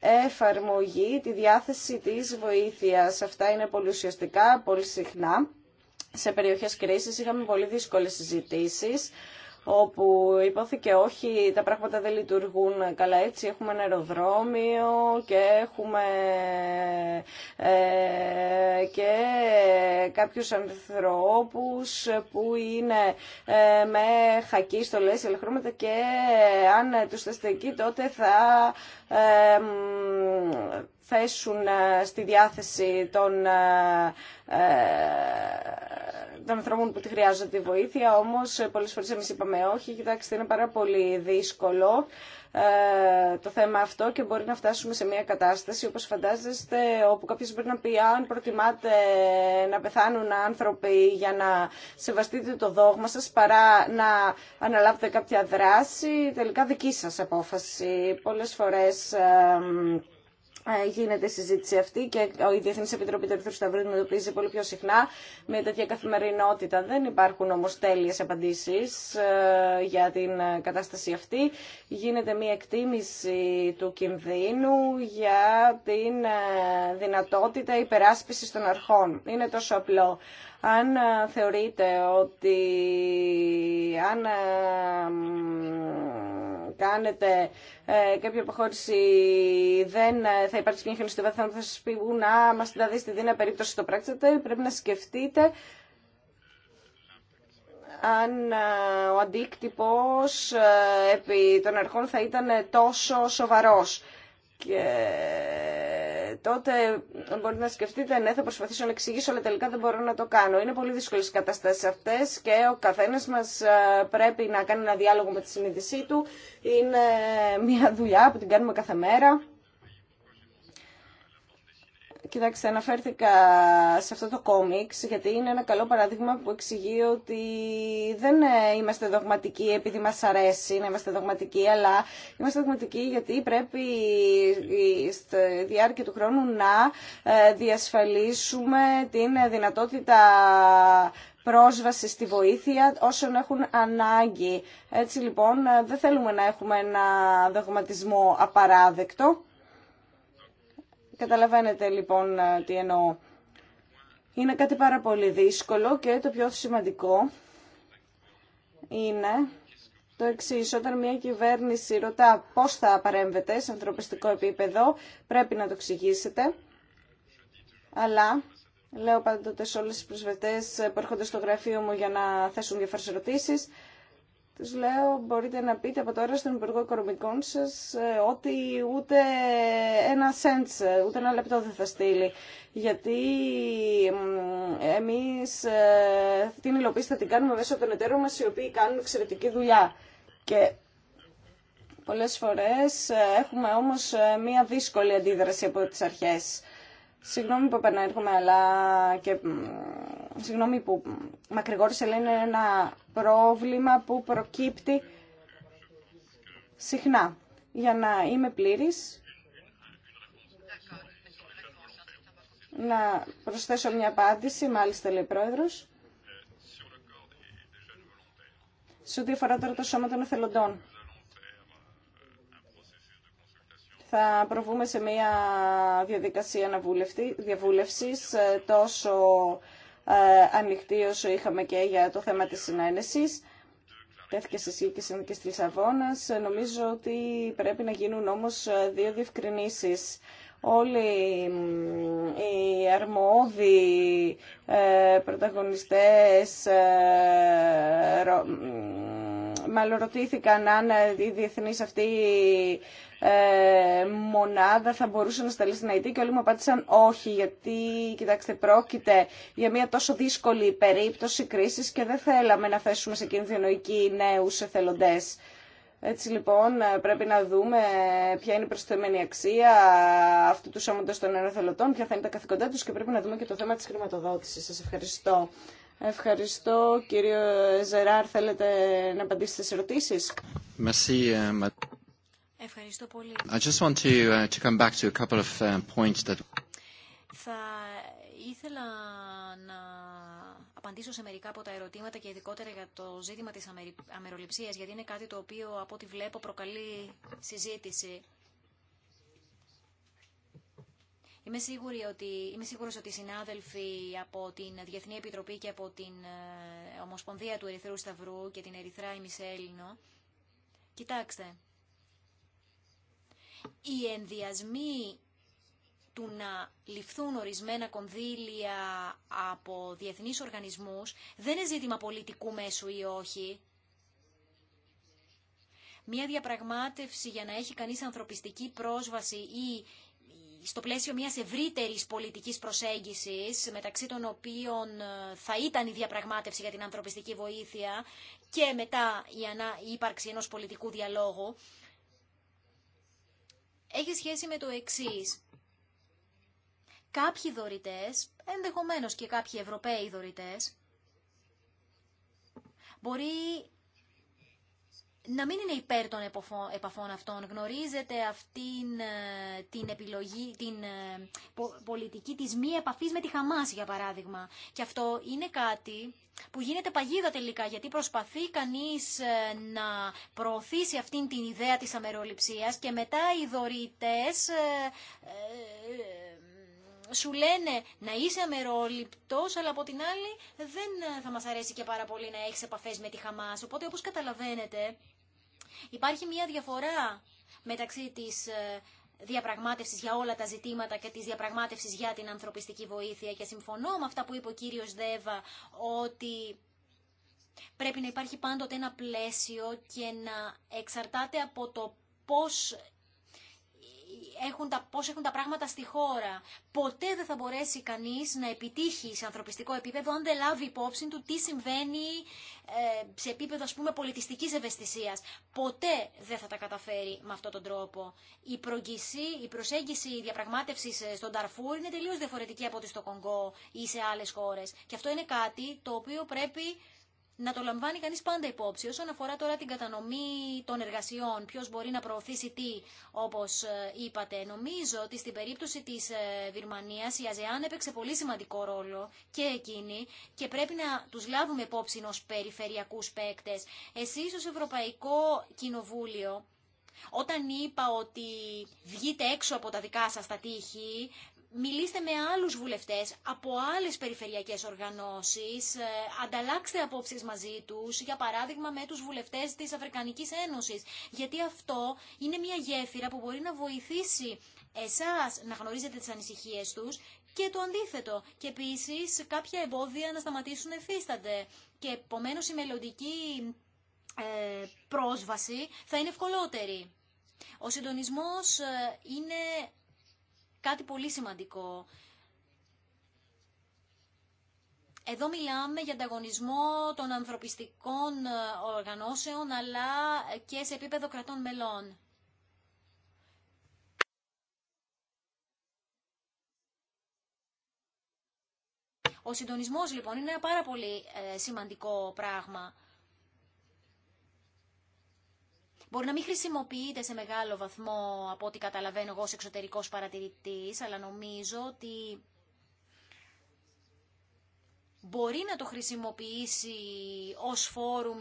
εφαρμογή τη διάθεση της βοήθειας. Αυτά είναι πολύ ουσιαστικά, πολύ συχνά. Σε περιοχές κρίσης είχαμε πολύ δύσκολες συζητήσεις όπου υπόθηκε όχι, τα πράγματα δεν λειτουργούν καλά έτσι, έχουμε ένα αεροδρόμιο και έχουμε ε, και κάποιους ανθρώπους που είναι ε, με χακί και αν τους θέσετε εκεί τότε θα ε, θέσουν ε, στη διάθεση των, των ανθρώπων που τη χρειάζονται τη βοήθεια. όμως πολλές φορές εμείς είπαμε είπαμε όχι, κοιτάξτε είναι πάρα πολύ δύσκολο ε, το θέμα αυτό και μπορεί να φτάσουμε σε μια κατάσταση όπως φαντάζεστε όπου κάποιος μπορεί να πει αν προτιμάτε να πεθάνουν άνθρωποι για να σεβαστείτε το δόγμα σας παρά να αναλάβετε κάποια δράση τελικά δική σας απόφαση πολλές φορές ε, ε, γίνεται η συζήτηση αυτή και η Διεθνή Επιτροπή του Ερυθρού Σταυρού αντιμετωπίζει πολύ πιο συχνά με τέτοια καθημερινότητα. Δεν υπάρχουν όμω τέλειε απαντήσει ε, για την ε, κατάσταση αυτή. Γίνεται μια εκτίμηση του κινδύνου για την δυνατότητα υπεράσπιση των αρχών. Είναι τόσο απλό. Αν θεωρείτε ότι αν κάνετε ε, κάποια αποχώρηση, δεν ε, θα υπάρξει μια βαθμό που θα σας πει. Να μας τα δεις τη δίνα περίπτωση το πράξετε». Πρέπει να σκεφτείτε αν ε, ο αντίκτυπος επί των αρχών θα ήταν τόσο σοβαρός. Και τότε μπορείτε να σκεφτείτε, ναι, θα προσπαθήσω να εξηγήσω, αλλά τελικά δεν μπορώ να το κάνω. Είναι πολύ δύσκολε οι καταστάσει αυτέ και ο καθένα μα ε, πρέπει να κάνει ένα διάλογο με τη συνείδησή του. Είναι μια δουλειά που την κάνουμε κάθε μέρα. Κοιτάξτε, αναφέρθηκα σε αυτό το κόμιξ, γιατί είναι ένα καλό παράδειγμα που εξηγεί ότι δεν ε, είμαστε δογματικοί επειδή μας αρέσει να είμαστε δογματικοί, αλλά είμαστε δογματικοί γιατί πρέπει στη διάρκεια του χρόνου να ε, διασφαλίσουμε την δυνατότητα πρόσβαση στη βοήθεια όσων έχουν ανάγκη. Έτσι λοιπόν ε, δεν θέλουμε να έχουμε ένα δογματισμό απαράδεκτο Καταλαβαίνετε λοιπόν τι εννοώ. Είναι κάτι πάρα πολύ δύσκολο και το πιο σημαντικό είναι το εξή. Όταν μια κυβέρνηση ρωτά πώ θα παρέμβετε σε ανθρωπιστικό επίπεδο, πρέπει να το εξηγήσετε. Αλλά λέω πάντοτε σε όλε τι προσβετέ που έρχονται στο γραφείο μου για να θέσουν διάφορε ερωτήσει, τους λέω μπορείτε να πείτε από τώρα στον Υπουργό Οικονομικών σας ε, ότι ούτε ένα σέντς, ε, ούτε ένα λεπτό δεν θα στείλει. Γιατί εμείς ε, την υλοποίηση θα την κάνουμε μέσω των εταίρων μας οι οποίοι κάνουν εξαιρετική δουλειά. Και πολλές φορές έχουμε όμως μία δύσκολη αντίδραση από τις αρχές. Συγγνώμη που επανέρχομαι, αλλά και συγγνώμη που μακρηγόρησε, αλλά είναι ένα πρόβλημα που προκύπτει συχνά. Για να είμαι πλήρης, να προσθέσω μια απάντηση, μάλιστα λέει πρόεδρος, σε ό,τι αφορά τώρα το σώμα των εθελοντών. Θα προβούμε σε μια διαδικασία διαβούλευση ε, τόσο ε, ανοιχτή όσο είχαμε και για το θέμα της συνένεσης. Τέθηκε σε σύγκριση και στη Λισαβόνα. Νομίζω ότι πρέπει να γίνουν όμως ε, δύο διευκρινήσεις Όλοι οι αρμόδιοι ε, πρωταγωνιστές ρωτήθηκαν αν ε, η διεθνή αυτή ε, μονάδα θα μπορούσε να σταλεί στην ΑΕΤ και όλοι μου απάντησαν όχι γιατί κοιτάξτε πρόκειται για μια τόσο δύσκολη περίπτωση κρίσης και δεν θέλαμε να θέσουμε σε κίνδυνο εκεί νέους εθελοντές. Έτσι λοιπόν ε, πρέπει να δούμε ποια είναι η προσθεμένη αξία αυτού του σώματος των εθελοντών, ποια θα είναι τα καθηκοντά τους και πρέπει να δούμε και το θέμα της χρηματοδότησης. Σας ευχαριστώ. Ευχαριστώ. Κύριο Ζεράρ, θέλετε να απαντήσετε σε ερωτήσεις. Ε, Ευχαριστώ πολύ. I just want to, ε, to come back to a couple of ε, points that... Θα ήθελα να απαντήσω σε μερικά από τα ερωτήματα και ειδικότερα για το ζήτημα της αμεροληψίας, γιατί είναι κάτι το οποίο από ό,τι βλέπω προκαλεί συζήτηση Είμαι, σίγουρη ότι, είμαι σίγουρος ότι οι συνάδελφοι από την Διεθνή Επιτροπή και από την ε, Ομοσπονδία του Ερυθρού Σταυρού και την Ερυθρά Ημισέλληνο. Κοιτάξτε, οι ενδιασμοί του να ληφθούν ορισμένα κονδύλια από διεθνείς οργανισμούς δεν είναι ζήτημα πολιτικού μέσου ή όχι. Μια διαπραγμάτευση για να έχει κανείς ανθρωπιστική πρόσβαση ή στο πλαίσιο μιας ευρύτερης πολιτικής προσέγγισης, μεταξύ των οποίων ε, θα ήταν η διαπραγμάτευση για την ανθρωπιστική βοήθεια και μετά η ύπαρξη ενός πολιτικού διαλόγου, έχει σχέση με το εξής. Κάποιοι δωρητές, ενδεχομένως και κάποιοι Ευρωπαίοι δωρητές, μπορεί να μην είναι υπέρ των επαφών αυτών. Γνωρίζετε αυτήν ε, την επιλογή, την ε, πολιτική της μη επαφής με τη Χαμάς, για παράδειγμα. Και αυτό είναι κάτι που γίνεται παγίδα τελικά, γιατί προσπαθεί κανείς ε, να προωθήσει αυτήν την ιδέα της αμεροληψίας και μετά οι δωρητές σου λένε να είσαι αμερόληπτο, αλλά από την άλλη δεν ε, θα μα αρέσει και πάρα πολύ να έχει επαφέ με τη χαμά. Οπότε όπω καταλαβαίνετε υπάρχει μια διαφορά μεταξύ τη ε, διαπραγμάτευση για όλα τα ζητήματα και τη διαπραγμάτευση για την ανθρωπιστική βοήθεια. Και συμφωνώ με αυτά που είπε ο κύριο Δέβα, ότι πρέπει να υπάρχει πάντοτε ένα πλαίσιο και να εξαρτάται από το πώς έχουν τα, πώς έχουν τα πράγματα στη χώρα. Ποτέ δεν θα μπορέσει κανείς να επιτύχει σε ανθρωπιστικό επίπεδο αν δεν λάβει υπόψη του τι συμβαίνει ε, σε επίπεδο ας πούμε πολιτιστικής ευαισθησίας. Ποτέ δεν θα τα καταφέρει με αυτόν τον τρόπο. Η, η προσέγγιση διαπραγμάτευσης στον Ταρφούρ είναι τελείως διαφορετική από ό,τι στο Κονγκό ή σε άλλες χώρες. Και αυτό είναι κάτι το οποίο πρέπει να το λαμβάνει κανείς πάντα υπόψη. Όσον αφορά τώρα την κατανομή των εργασιών, ποιος μπορεί να προωθήσει τι, όπως ε, είπατε, νομίζω ότι στην περίπτωση της ε, βυρμανία η ΑΖΕΑΝ έπαιξε πολύ σημαντικό ρόλο και εκείνη και πρέπει να τους λάβουμε υπόψη ως περιφερειακούς παίκτες. Εσείς ως Ευρωπαϊκό Κοινοβούλιο όταν είπα ότι βγείτε έξω από τα δικά σας τα τείχη, μιλήστε με άλλους βουλευτές από άλλες περιφερειακές οργανώσεις, ε, ανταλλάξτε απόψεις μαζί τους, για παράδειγμα με τους βουλευτές της Αφρικανικής Ένωσης, γιατί αυτό είναι μια γέφυρα που μπορεί να βοηθήσει εσάς να γνωρίζετε τις ανησυχίες τους και το αντίθετο. Και επίσης κάποια εμπόδια να σταματήσουν εφίστανται. Και επομένως η μελλοντική ε, πρόσβαση θα είναι ευκολότερη. Ο συντονισμός ε, είναι κάτι πολύ σημαντικό. Εδώ μιλάμε για ανταγωνισμό των ανθρωπιστικών ε, οργανώσεων, αλλά και σε επίπεδο κρατών μελών. Ο συντονισμός λοιπόν είναι ένα πάρα πολύ ε, σημαντικό πράγμα. Μπορεί να μην χρησιμοποιείται σε μεγάλο βαθμό από ό,τι καταλαβαίνω εγώ ως εξωτερικός παρατηρητής, αλλά νομίζω ότι μπορεί να το χρησιμοποιήσει ως φόρουμ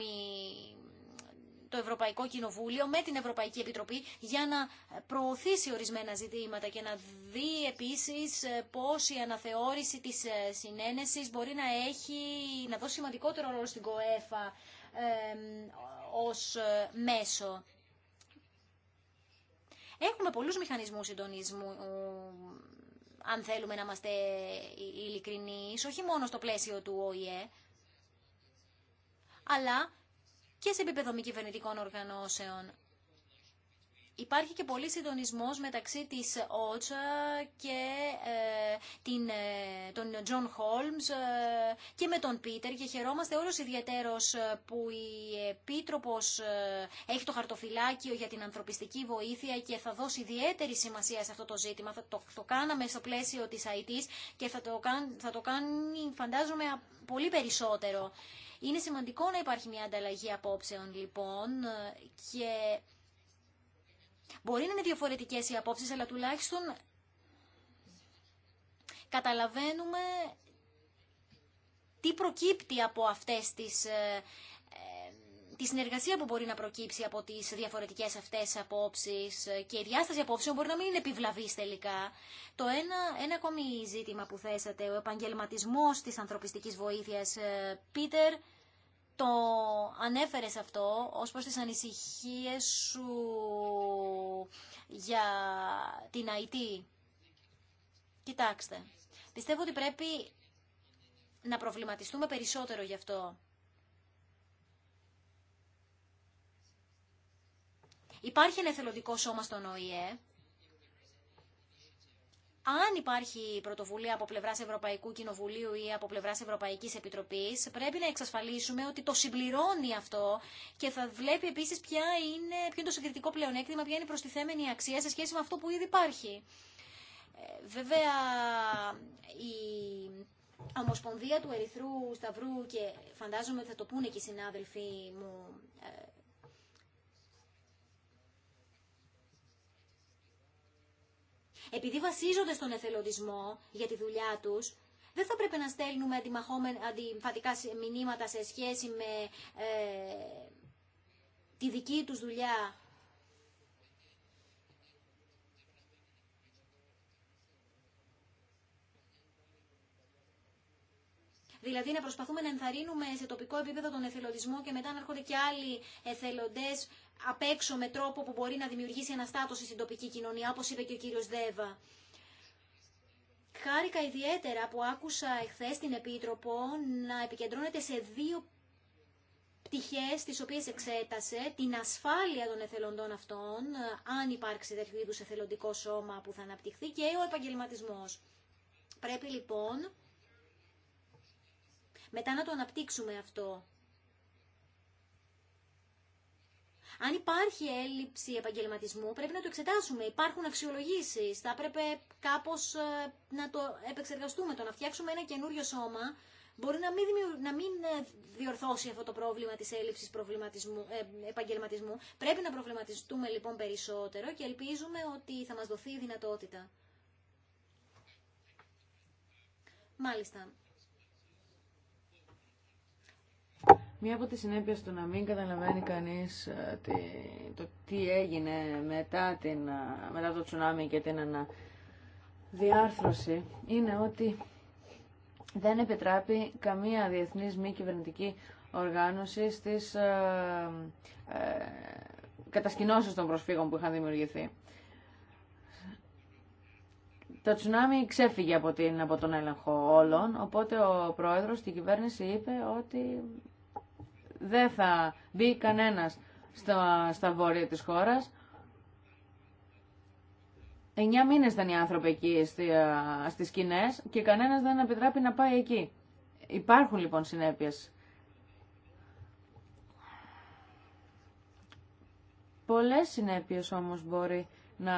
το Ευρωπαϊκό Κοινοβούλιο με την Ευρωπαϊκή Επιτροπή για να προωθήσει ορισμένα ζητήματα και να δει επίσης ε, πώς η αναθεώρηση της ε, συνένεσης μπορεί να, έχει, να δώσει σημαντικότερο ρόλο στην ΚΟΕΦΑ ε, ως ε, μέσο. Έχουμε πολλούς μηχανισμούς συντονισμού αν θέλουμε να είμαστε ειλικρινείς, όχι μόνο στο πλαίσιο του ΟΗΕ, αλλά και σε επίπεδο μη κυβερνητικών οργανώσεων. Υπάρχει και πολύ συντονισμός μεταξύ της Ότσα και ε, την, ε, τον Τζον Χόλμς ε, και με τον Πίτερ και χαιρόμαστε όλος ιδιαίτερος ε, που η Επίτροπος έχει το χαρτοφυλάκιο για την ανθρωπιστική βοήθεια και θα δώσει ιδιαίτερη σημασία σε αυτό το ζήτημα. Θα το, το κάναμε στο πλαίσιο της ΑΕΤΙΣ και θα το, κάν, θα το κάνει φαντάζομαι πολύ περισσότερο. Είναι σημαντικό να υπάρχει μια ανταλλαγή απόψεων λοιπόν και Μπορεί να είναι διαφορετικές οι απόψεις, αλλά τουλάχιστον καταλαβαίνουμε τι προκύπτει από αυτές τις ε, ε, τη συνεργασία που μπορεί να προκύψει από τις διαφορετικές αυτές απόψει και η διάσταση απόψεων μπορεί να μην είναι επιβλαβή τελικά. Το ένα, ένα ακόμη ζήτημα που θέσατε, ο επαγγελματισμός της ανθρωπιστική βοήθεια. Ε, Πίτερ, το ανέφερες αυτό ως προς τις ανησυχίες σου για την IT. Κοιτάξτε, πιστεύω ότι πρέπει να προβληματιστούμε περισσότερο γι' αυτό. Υπάρχει ένα εθελοντικό σώμα στον ΟΗΕ αν υπάρχει πρωτοβουλία από πλευρά Ευρωπαϊκού Κοινοβουλίου ή από πλευρά Ευρωπαϊκή Επιτροπή, πρέπει να εξασφαλίσουμε ότι το συμπληρώνει αυτό και θα βλέπει επίση ποιο είναι το συγκριτικό πλεονέκτημα, ποια είναι η προστιθέμενη αξία σε σχέση με αυτό που ήδη υπάρχει. Ε, βέβαια, η Ομοσπονδία του Ερυθρού Σταυρού και φαντάζομαι ότι θα το πούνε και οι συνάδελφοί μου ε, επειδή βασίζονται στον εθελοντισμό για τη δουλειά τους, δεν θα πρέπει να στέλνουμε αντιφατικά μηνύματα σε σχέση με ε, τη δική τους δουλειά. Δηλαδή να προσπαθούμε να ενθαρρύνουμε σε τοπικό επίπεδο τον εθελοντισμό και μετά να έρχονται και άλλοι εθελοντές απ' έξω με τρόπο που μπορεί να δημιουργήσει αναστάτωση στην τοπική κοινωνία, όπως είπε και ο κύριος Δέβα. Χάρηκα ιδιαίτερα που άκουσα εχθές την Επίτροπο να επικεντρώνεται σε δύο πτυχές τις οποίες εξέτασε, την ασφάλεια των εθελοντών αυτών, αν υπάρξει τέτοιου είδου εθελοντικό σώμα που θα αναπτυχθεί και ο επαγγελματισμός. Πρέπει λοιπόν μετά να το αναπτύξουμε αυτό. Αν υπάρχει έλλειψη επαγγελματισμού, πρέπει να το εξετάσουμε. Υπάρχουν αξιολογήσει. Θα έπρεπε κάπω ε, να το επεξεργαστούμε. Το να φτιάξουμε ένα καινούριο σώμα μπορεί να μην, να ε, διορθώσει αυτό το πρόβλημα της έλλειψης προβληματισμού, ε, επαγγελματισμού. Πρέπει να προβληματιστούμε λοιπόν περισσότερο και ελπίζουμε ότι θα μα δοθεί η δυνατότητα. Μάλιστα. Μία από τις συνέπειες του να μην καταλαβαίνει κανείς ε, το τι έγινε μετά, την, ε, μετά το τσουνάμι και την αναδιάρθρωση είναι ότι δεν επιτράπει καμία διεθνής μη κυβερνητική οργάνωση στις ε, ε, κατασκηνώσεις των προσφύγων που είχαν δημιουργηθεί. Το τσουνάμι ξέφυγε από, την, από τον έλεγχο όλων, οπότε ο πρόεδρος στην κυβέρνηση είπε ότι δεν θα μπει κανένας στα, στα βόρεια της χώρας. Εννιά μήνες ήταν οι άνθρωποι εκεί στις σκηνέ και κανένας δεν επιτράπει να πάει εκεί. Υπάρχουν λοιπόν συνέπειες. Πολλές συνέπειες όμως μπορεί να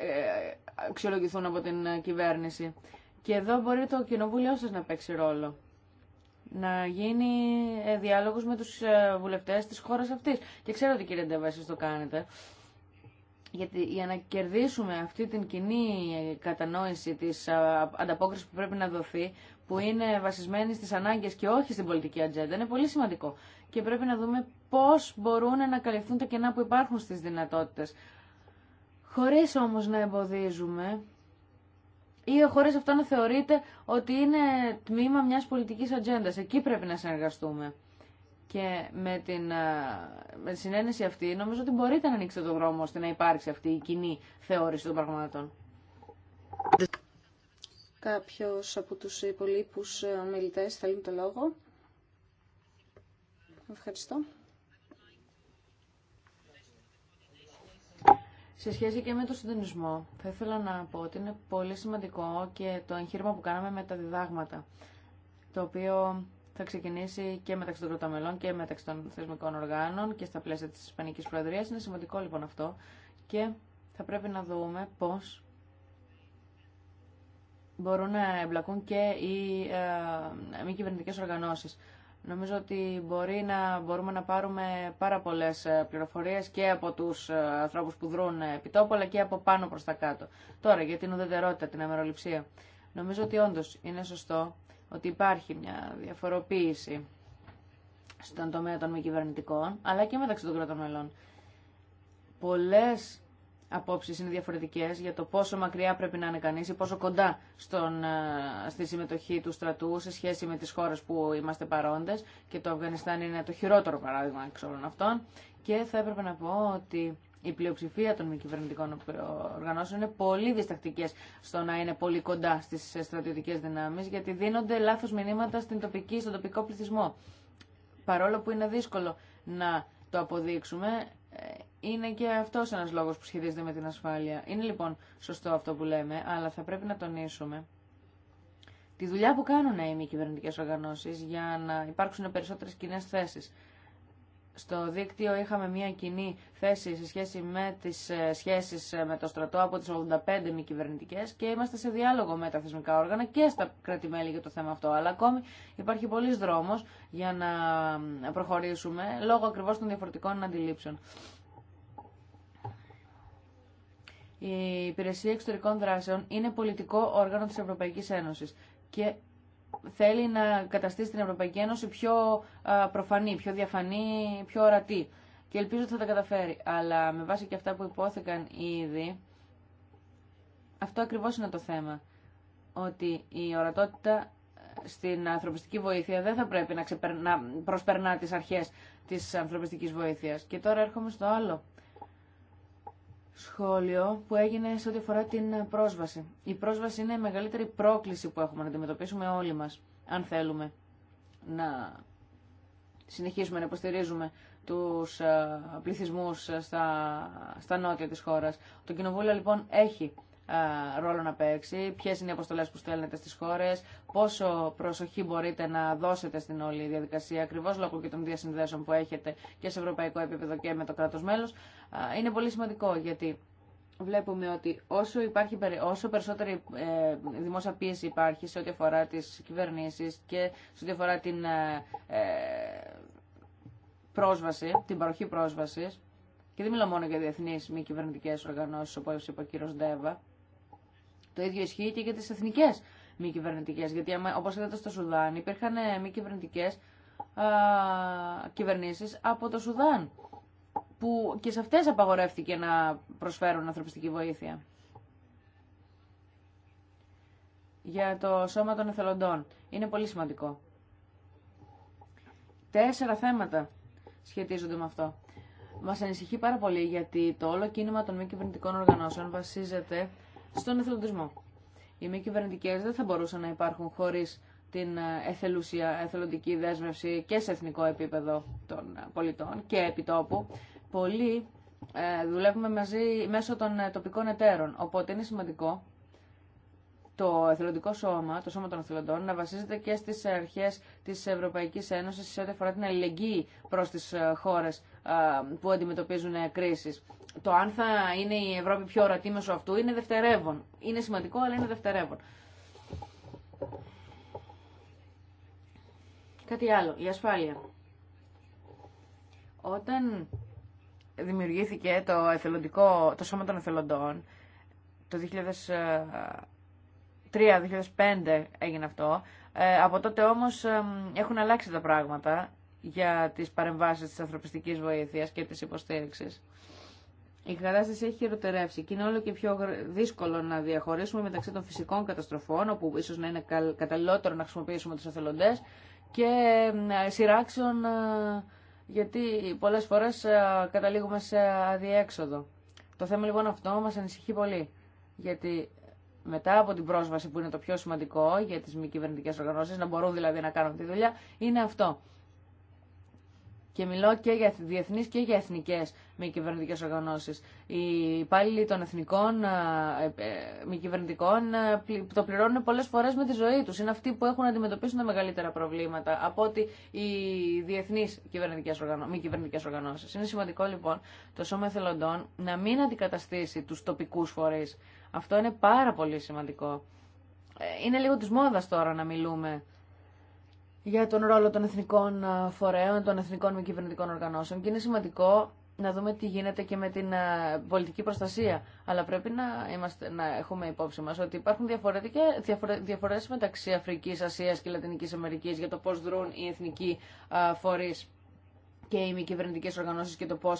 ε, αξιολογηθούν από την κυβέρνηση. Και εδώ μπορεί το κοινοβούλιο σας να παίξει ρόλο να γίνει ε, διάλογος με τους ε, βουλευτές της χώρας αυτής. Και ξέρω ότι κύριε εσείς το κάνετε. Γιατί για να κερδίσουμε αυτή την κοινή ε, κατανόηση της ανταπόκρισης που πρέπει να δοθεί, που είναι βασισμένη στις ανάγκες και όχι στην πολιτική ατζέντα, είναι πολύ σημαντικό. Και πρέπει να δούμε πώς μπορούν να καλυφθούν τα κενά που υπάρχουν στις δυνατότητες. Χωρίς όμως να εμποδίζουμε ή ο χωρί αυτό να θεωρείται ότι είναι τμήμα μιας πολιτικής ατζέντα. Εκεί πρέπει να συνεργαστούμε. Και με, την, με συνένεση αυτή νομίζω ότι μπορείτε να ανοίξετε το δρόμο ώστε να υπάρξει αυτή η κοινή θεώρηση των πραγμάτων. Κάποιο από τους υπολείπου ε, ομιλητέ θέλει το λόγο. Ευχαριστώ. Σε σχέση και με το συντονισμό, θα ήθελα να πω ότι είναι πολύ σημαντικό και το εγχείρημα που κάναμε με τα διδάγματα, το οποίο θα ξεκινήσει και μεταξύ των κροταμελών και μεταξύ των θεσμικών οργάνων και στα πλαίσια της Ισπανικής Προεδρίας. Είναι σημαντικό λοιπόν αυτό και θα πρέπει να δούμε πώς μπορούν να εμπλακούν και οι ε, μη κυβερνητικές οργανώσεις. Νομίζω ότι μπορεί να μπορούμε να πάρουμε πάρα πολλές ε, πληροφορίες και από τους ε, ανθρώπους που δρούν ε, επιτόπου, και από πάνω προς τα κάτω. Τώρα, για την ουδετερότητα, την αμεροληψία. Νομίζω ότι όντως είναι σωστό ότι υπάρχει μια διαφοροποίηση στον τομέα των μη κυβερνητικών, αλλά και μεταξύ των κρατών μελών. Πολλές απόψεις είναι διαφορετικές για το πόσο μακριά πρέπει να είναι κανείς ή πόσο κοντά στον, ε, στη συμμετοχή του στρατού σε σχέση με τις χώρες που είμαστε παρόντες και το Αφγανιστάν είναι το χειρότερο παράδειγμα εξ όλων αυτών και θα έπρεπε να πω ότι η πλειοψηφία των μη κυβερνητικών οργανώσεων είναι πολύ διστακτικέ στο να είναι πολύ κοντά στι στρατιωτικέ δυνάμει, γιατί δίνονται λάθο μηνύματα στην τοπική, στον τοπικό πληθυσμό. Παρόλο που είναι δύσκολο να το αποδείξουμε, είναι και αυτό ένα λόγο που σχετίζεται με την ασφάλεια. Είναι λοιπόν σωστό αυτό που λέμε, αλλά θα πρέπει να τονίσουμε τη δουλειά που κάνουν ε, οι μη κυβερνητικέ οργανώσει για να υπάρξουν περισσότερε κοινέ θέσει. Στο δίκτυο είχαμε μια κοινή θέση σε σχέση με τις ε, σχέσεις ε, με το στρατό από τις 85 μη κυβερνητικέ και είμαστε σε διάλογο με τα θεσμικά όργανα και στα κρατημέλη για το θέμα αυτό. Αλλά ακόμη υπάρχει πολλής δρόμος για να προχωρήσουμε λόγω ακριβώς των διαφορετικών αντιλήψεων. Η Υπηρεσία Εξωτερικών Δράσεων είναι πολιτικό όργανο της Ευρωπαϊκής Ένωσης και θέλει να καταστήσει την Ευρωπαϊκή Ένωση πιο προφανή, πιο διαφανή, πιο ορατή. Και ελπίζω ότι θα τα καταφέρει. Αλλά με βάση και αυτά που υπόθηκαν ήδη, αυτό ακριβώς είναι το θέμα. Ότι η ορατότητα στην ανθρωπιστική βοήθεια δεν θα πρέπει να, προσπερνά τις αρχές της ανθρωπιστικής βοήθειας. Και τώρα έρχομαι στο άλλο σχόλιο που έγινε σε ό,τι αφορά την πρόσβαση. Η πρόσβαση είναι η μεγαλύτερη πρόκληση που έχουμε να αντιμετωπίσουμε όλοι μας, αν θέλουμε να συνεχίσουμε να υποστηρίζουμε τους πληθυσμούς στα, στα νότια της χώρας. Το Κοινοβούλιο λοιπόν έχει ε, ρόλο να παίξει, ποιες είναι οι αποστολές που στέλνετε στις χώρες, πόσο προσοχή μπορείτε να δώσετε στην όλη διαδικασία, ακριβώς λόγω και των διασυνδέσεων που έχετε και σε ευρωπαϊκό επίπεδο και με το κράτος μέλος. Ε, είναι πολύ σημαντικό γιατί βλέπουμε ότι όσο, υπάρχει, όσο περισσότερη ε, δημόσια πίεση υπάρχει σε ό,τι αφορά τις κυβερνήσεις και σε ό,τι αφορά την πρόσβαση, την παροχή πρόσβασης, και δεν μιλάω μόνο για διεθνεί μη κυβερνητικέ οργανώσει, όπω είπε ο κύριο Ντέβα, το ίδιο ισχύει και για τι εθνικέ μη κυβερνητικέ. Γιατί όπω είδατε στο Σουδάν υπήρχαν ε, μη κυβερνητικέ κυβερνήσει από το Σουδάν. Που και σε αυτέ απαγορεύτηκε να προσφέρουν ανθρωπιστική βοήθεια. Για το σώμα των εθελοντών. Είναι πολύ σημαντικό. Τέσσερα θέματα σχετίζονται με αυτό. Μας ανησυχεί πάρα πολύ γιατί το όλο κίνημα των μη κυβερνητικών οργανώσεων βασίζεται στον εθελοντισμό. Οι μη κυβερνητικέ δεν θα μπορούσαν να υπάρχουν χωρί την ε, εθελούσια εθελοντική δέσμευση και σε εθνικό επίπεδο των ε, πολιτών και επιτόπου. Πολλοί ε, δουλεύουμε μαζί μέσω των τοπικών εταίρων. Οπότε είναι σημαντικό το εθελοντικό σώμα, το σώμα των εθελοντών, να βασίζεται και στις αρχές της Ευρωπαϊκής Ένωση σε ό,τι αφορά την αλληλεγγύη προς τις ε, χώρες ε, που αντιμετωπίζουν ε, κρίσει. Το αν θα είναι η Ευρώπη πιο ορατή μέσω αυτού είναι δευτερεύον. Είναι σημαντικό, αλλά είναι δευτερεύον. Κάτι άλλο, η ασφάλεια. Όταν δημιουργήθηκε το, το Σώμα των Εθελοντών, το 2003-2005 έγινε αυτό. Ε, από τότε όμως έχουν αλλάξει τα πράγματα για τις παρεμβάσεις της ανθρωπιστικής βοήθειας και της υποστήριξης. Η κατάσταση έχει χειροτερεύσει και είναι όλο και πιο δύσκολο να διαχωρίσουμε μεταξύ των φυσικών καταστροφών, όπου ίσως να είναι καταλληλότερο να χρησιμοποιήσουμε τους εθελοντές, και σειράξεων, ε, γιατί πολλές φορές ε, καταλήγουμε σε αδιέξοδο. Το θέμα λοιπόν αυτό μας ανησυχεί πολύ, γιατί μετά από την πρόσβαση που είναι το πιο σημαντικό για τις μη κυβερνητικέ οργανώσεις, να μπορούν δηλαδή να κάνουν τη δουλειά, είναι αυτό. Και μιλώ και για διεθνείς και για εθνικές μη κυβερνητικέ οργανώσεις. Οι υπάλληλοι των εθνικών ε, ε, μη κυβερνητικών το πληρώνουν πολλές φορές με τη ζωή τους. Είναι αυτοί που έχουν να αντιμετωπίσουν τα μεγαλύτερα προβλήματα από ότι οι διεθνείς κυβερνητικές οργανώ, μη κυβερνητικέ οργανώσεις. Είναι σημαντικό λοιπόν το Σώμα Εθελοντών να μην αντικαταστήσει τους τοπικούς φορείς. Αυτό είναι πάρα πολύ σημαντικό. Ε, είναι λίγο της μόδας τώρα να μιλούμε για τον ρόλο των εθνικών ε, φορέων, των εθνικών μη κυβερνητικών οργανώσεων και είναι σημαντικό να δούμε τι γίνεται και με την ε, πολιτική προστασία. Αλλά πρέπει να, είμαστε, να έχουμε υπόψη μας ότι υπάρχουν διαφορε, διαφορές μεταξύ Αφρικής, Ασίας και Λατινικής Αμερικής για το πώς δρούν οι εθνικοί φορείς και οι μη κυβερνητικέ οργανώσει και το πώ ε,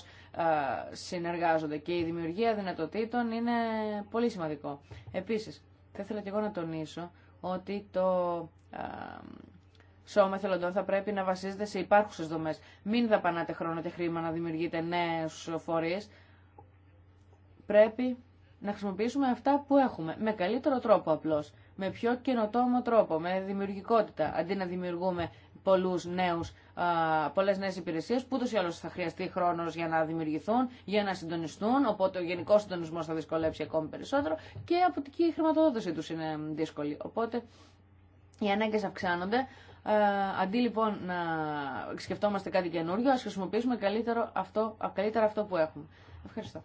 συνεργάζονται. Και η δημιουργία δυνατοτήτων είναι πολύ σημαντικό. Επίση, θα ήθελα και εγώ να τονίσω ότι το ε, σώμα εθελοντών θα πρέπει να βασίζεται σε υπάρχουσε δομέ. Μην δαπανάτε χρόνο και χρήμα να δημιουργείτε νέε φορεί. Πρέπει να χρησιμοποιήσουμε αυτά που έχουμε. Με καλύτερο τρόπο απλώ. Με πιο καινοτόμο τρόπο. Με δημιουργικότητα. Αντί να δημιουργούμε πολλούς νέους, πολλές νέες υπηρεσίες που ούτως ή άλλως θα χρειαστεί χρόνος για να δημιουργηθούν, για να συντονιστούν, οπότε ο γενικός συντονισμός θα δυσκολέψει ακόμη περισσότερο και από εκεί η χρηματοδότησή τους είναι δύσκολη. Οπότε οι ανάγκες αυξάνονται. Ε, αντί λοιπόν να σκεφτόμαστε κάτι καινούριο, ας χρησιμοποιήσουμε καλύτερο αυτό, καλύτερα αυτό που έχουμε. Ευχαριστώ.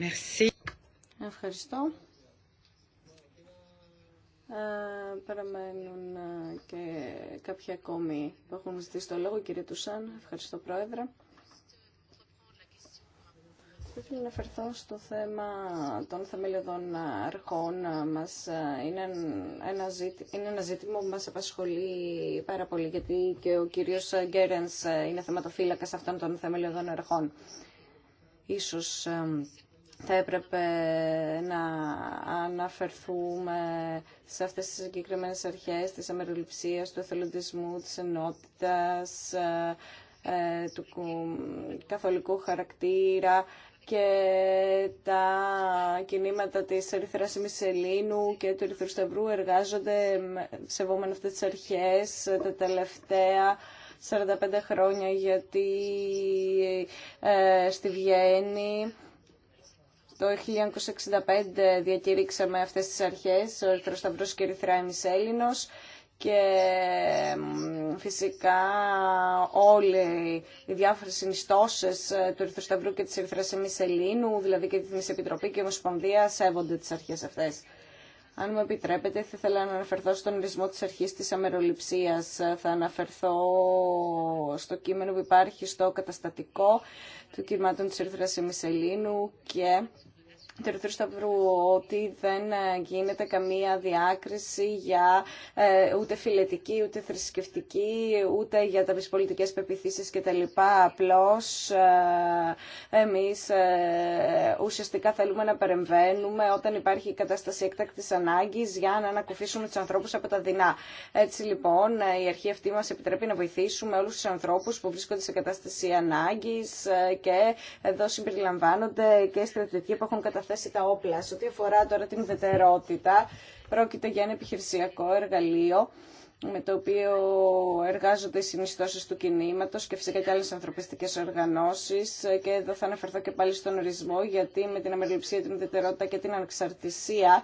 Merci. Ευχαριστώ. Ε, παραμένουν ε, και κάποιοι ακόμη που έχουν ζητήσει το λόγο. Κύριε Τουσάν, ευχαριστώ Πρόεδρε. Θα ήθελα να αναφερθώ στο θέμα των θεμελιωδών αρχών. Μας ε, είναι, ένα είναι ένα ζήτημα που μας απασχολεί πάρα πολύ, γιατί και ο κύριος Γκέρενς είναι θεματοφύλακας αυτών των θεμελιωδών αρχών. Ίσως θα έπρεπε να αναφερθούμε σε αυτές τις συγκεκριμένε αρχές της αμεροληψίας, του εθελοντισμού, της ενότητας, ε, του καθολικού χαρακτήρα και τα κινήματα της Ερυθράς Μισελίνου και του Ερυθρού Σταυρού εργάζονται σεβόμενα αυτές τις αρχές τα τελευταία 45 χρόνια γιατί ε, στη Βιέννη το 1965 διακηρύξαμε αυτές τις αρχές, ο Ερθροσταυρός και η και φυσικά όλοι οι διάφορες συνιστώσεις ε, του Ερθροσταυρού και της Ερυθράς Ελλήνου, δηλαδή και της Επιτροπή και η Ομοσπονδία, σέβονται τις αρχές αυτές. Αν μου επιτρέπετε, θα ήθελα να αναφερθώ στον ορισμό της αρχής της αμεροληψίας. Θα αναφερθώ στο κείμενο που υπάρχει στο καταστατικό του κυρμάτων της Ερθρασιμής Ελλήνου και θεωρηθεί σταυρού ότι δεν ε, γίνεται καμία διάκριση για ε, ούτε φιλετική, ούτε θρησκευτική, ούτε για τα πολιτικές πεπιθήσεις κτλ. Απλώς ε, εμείς ε, ουσιαστικά θέλουμε να παρεμβαίνουμε όταν υπάρχει κατάσταση έκτακτης ανάγκης για να ανακουφίσουμε τους ανθρώπους από τα δεινά. Έτσι λοιπόν ε, η αρχή αυτή μας επιτρέπει να βοηθήσουμε όλους τους ανθρώπους που βρίσκονται σε κατάσταση ανάγκης και εδώ συμπεριλαμβάνονται και στρατιωτικοί που έχουν καταθέσει τα όπλα. Σε ό,τι αφορά τώρα την ουδετερότητα, πρόκειται για ένα επιχειρησιακό εργαλείο με το οποίο εργάζονται οι συνιστώσεις του κινήματος και φυσικά και άλλες ανθρωπιστικές οργανώσεις και εδώ θα αναφερθώ και πάλι στον ορισμό γιατί με την αμεροληψία, την ιδιαιτερότητα και την ανεξαρτησία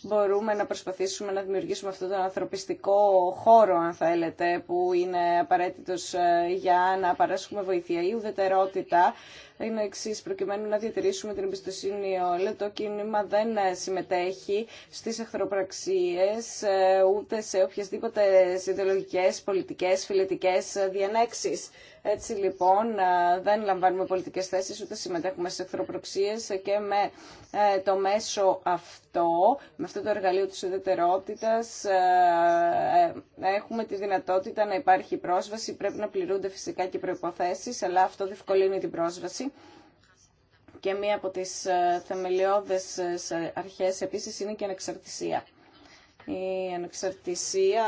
μπορούμε να προσπαθήσουμε να δημιουργήσουμε αυτόν τον ανθρωπιστικό χώρο, αν θέλετε, που είναι απαραίτητος ε, για να παράσχουμε βοήθεια. Η ουδετερότητα είναι εξή. Προκειμένου να διατηρήσουμε την εμπιστοσύνη όλων, το κίνημα δεν ε, συμμετέχει στι εχθροπραξίε ε, ούτε σε οποιασδήποτε ιδεολογικέ, πολιτικέ, φιλετικέ ε, διανέξει. Έτσι λοιπόν δεν λαμβάνουμε πολιτικές θέσεις ούτε συμμετέχουμε σε εχθροπροξίες και με το μέσο αυτό, με αυτό το εργαλείο της ιδιαιτερότητας, έχουμε τη δυνατότητα να υπάρχει πρόσβαση, πρέπει να πληρούνται φυσικά και οι αλλά αυτό διευκολύνει την πρόσβαση και μία από τις ε, θεμελιώδες ε, αρχές επίσης είναι και η ανεξαρτησία. Η ανεξαρτησία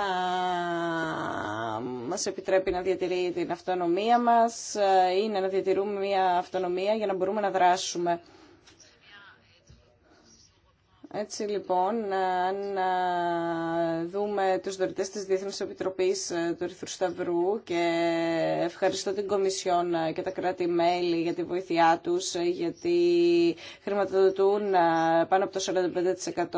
ε, μας επιτρέπει να διατηρεί την αυτονομία μας, είναι να διατηρούμε μια αυτονομία για να μπορούμε να δράσουμε. Έτσι λοιπόν, αν δούμε τους δωρητές της Διεθνής Επιτροπής του Ρυθρού Σταυρού και ευχαριστώ την Κομισιόν και τα κράτη-μέλη για τη βοήθειά τους, γιατί χρηματοδοτούν πάνω από το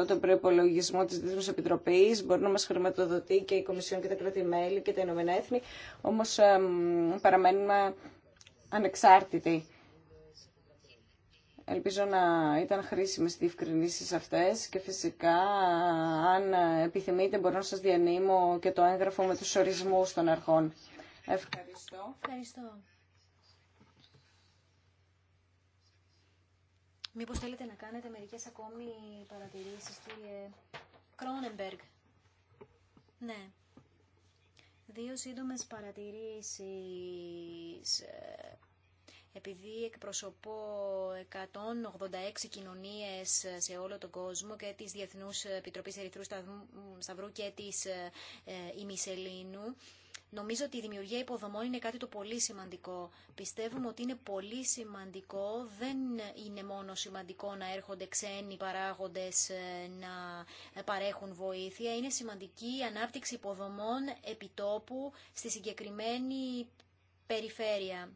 45% τον προπολογισμό της Διεθνής Επιτροπής. Μπορεί να μας χρηματοδοτεί και η Κομισιόν και τα κράτη-μέλη και τα Ηνωμένα Έθνη, όμως παραμένουμε ανεξάρτητοι. Ελπίζω να ήταν χρήσιμες οι διευκρινήσεις αυτές και φυσικά αν επιθυμείτε μπορώ να σας διανύμω και το έγγραφο με τους ορισμούς των αρχών. Ευχαριστώ. Ευχαριστώ. Μήπως θέλετε να κάνετε μερικές ακόμη παρατηρήσεις, κύριε Κρόνεμπεργκ. Ναι. Δύο σύντομες παρατηρήσεις ε, επειδή εκπροσωπώ 186 κοινωνίες σε όλο τον κόσμο και της Διεθνούς Επιτροπής Ερυθρού Σταυρού και της ε, ημισελίνου, Νομίζω ότι η δημιουργία υποδομών είναι κάτι το πολύ σημαντικό. Πιστεύουμε ότι είναι πολύ σημαντικό, δεν είναι μόνο σημαντικό να έρχονται ξένοι παράγοντες ε, να παρέχουν βοήθεια, είναι σημαντική η ανάπτυξη υποδομών επιτόπου στη συγκεκριμένη περιφέρεια.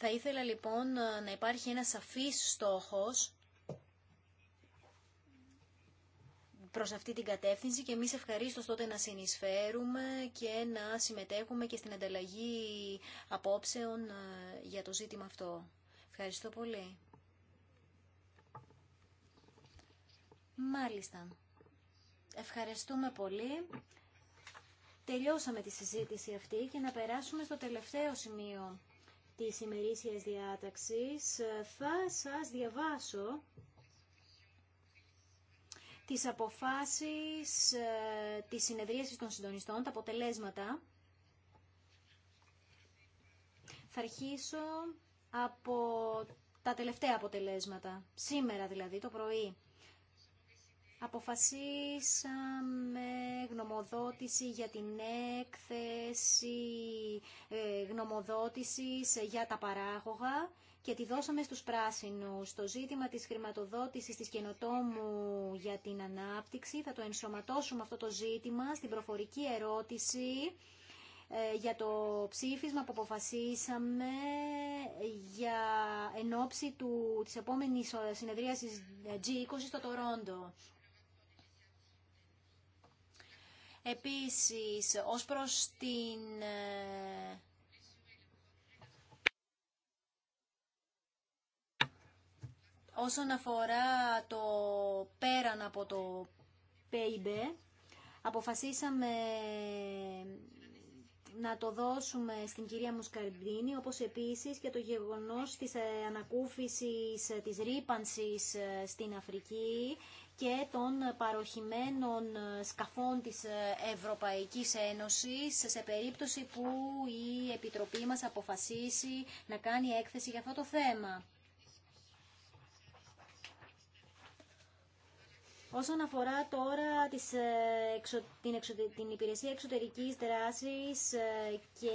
Θα ήθελα λοιπόν να υπάρχει ένα σαφής στόχος προς αυτή την κατεύθυνση και εμείς ευχαρίστως τότε να συνεισφέρουμε και να συμμετέχουμε και στην ανταλλαγή απόψεων ε, για το ζήτημα αυτό. Ευχαριστώ πολύ. Μάλιστα. Ευχαριστούμε πολύ. Τελειώσαμε τη συζήτηση αυτή και να περάσουμε στο τελευταίο σημείο της ημερήσιας διάταξης θα σας διαβάσω τις αποφάσεις ε, της συνεδρίασης των συντονιστών, τα αποτελέσματα. Θα αρχίσω από τα τελευταία αποτελέσματα, σήμερα δηλαδή το πρωί. Αποφασίσαμε γνωμοδότηση για την έκθεση ε, γνωμοδότησης για τα παράγωγα και τη δώσαμε στους πράσινους. Το ζήτημα της χρηματοδότησης της καινοτόμου για την ανάπτυξη θα το ενσωματώσουμε αυτό το ζήτημα στην προφορική ερώτηση ε, για το ψήφισμα που αποφασίσαμε για ενόψη του, της επόμενης συνεδρίασης G20 στο Τορόντο. Επίσης, ως προς την... Ε, όσον αφορά το πέραν από το PIB, αποφασίσαμε να το δώσουμε στην κυρία Μουσκαρντίνη, όπως επίσης και το γεγονός της ε, ανακούφισης ε, της ρήπανσης στην Αφρική και των παροχημένων σκαφών της Ευρωπαϊκής Ένωσης σε περίπτωση που η Επιτροπή μας αποφασίσει να κάνει έκθεση για αυτό το θέμα. Όσον αφορά τώρα ε, την, εξω, την υπηρεσία εξωτερικής δράσης ε, και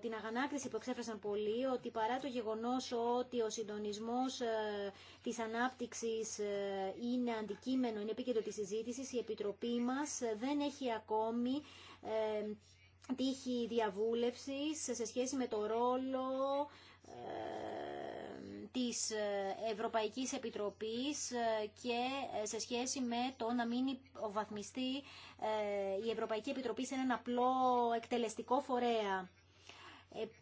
την αγανάκτηση που εξέφρασαν πολλοί, ότι παρά το γεγονός ότι ο συντονισμός ε, της ανάπτυξης είναι αντικείμενο, είναι επίκεντρο της συζήτηση, η Επιτροπή μας δεν έχει ακόμη ε, τύχη διαβούλευσης σε σχέση με το ρόλο της ε, Ευρωπαϊκής Επιτροπής ε, και ε, σε σχέση με το να μην βαθμιστεί η Ευρωπαϊκή Επιτροπή σε έναν απλό εκτελεστικό φορέα.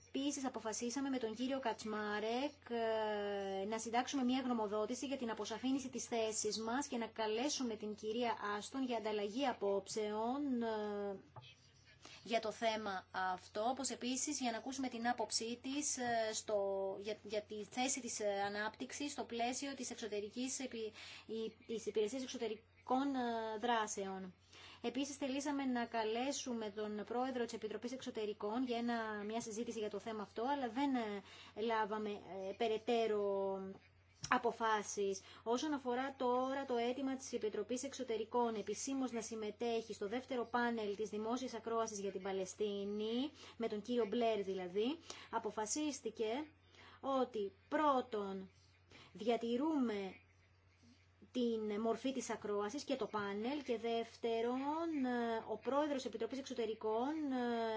Επίσης αποφασίσαμε με τον κύριο Κατσμάρεκ να συντάξουμε μια γνωμοδότηση για την αποσαφήνιση της θέσης μας και να καλέσουμε την κυρία Άστον για ανταλλαγή απόψεων για το θέμα αυτό, όπως επίσης για να ακούσουμε την άποψή της ε, στο, για, τη θέση της ε, ανάπτυξης στο πλαίσιο της, εξωτερικής, υπηρεσίας εξωτερικών ε, δράσεων. Επίσης θελήσαμε να καλέσουμε τον πρόεδρο της Επιτροπής Εξωτερικών για μια συζήτηση για το θέμα αυτό, αλλά δεν λάβαμε περαιτέρω αποφάσεις. Όσον αφορά τώρα το αίτημα της Επιτροπής Εξωτερικών επισήμως να συμμετέχει στο δεύτερο πάνελ της Δημόσιας Ακρόασης για την Παλαιστίνη, με τον κύριο Μπλερ δηλαδή, αποφασίστηκε ότι πρώτον διατηρούμε την μορφή της ακρόασης και το πάνελ και δεύτερον ο πρόεδρος Επιτροπής Εξωτερικών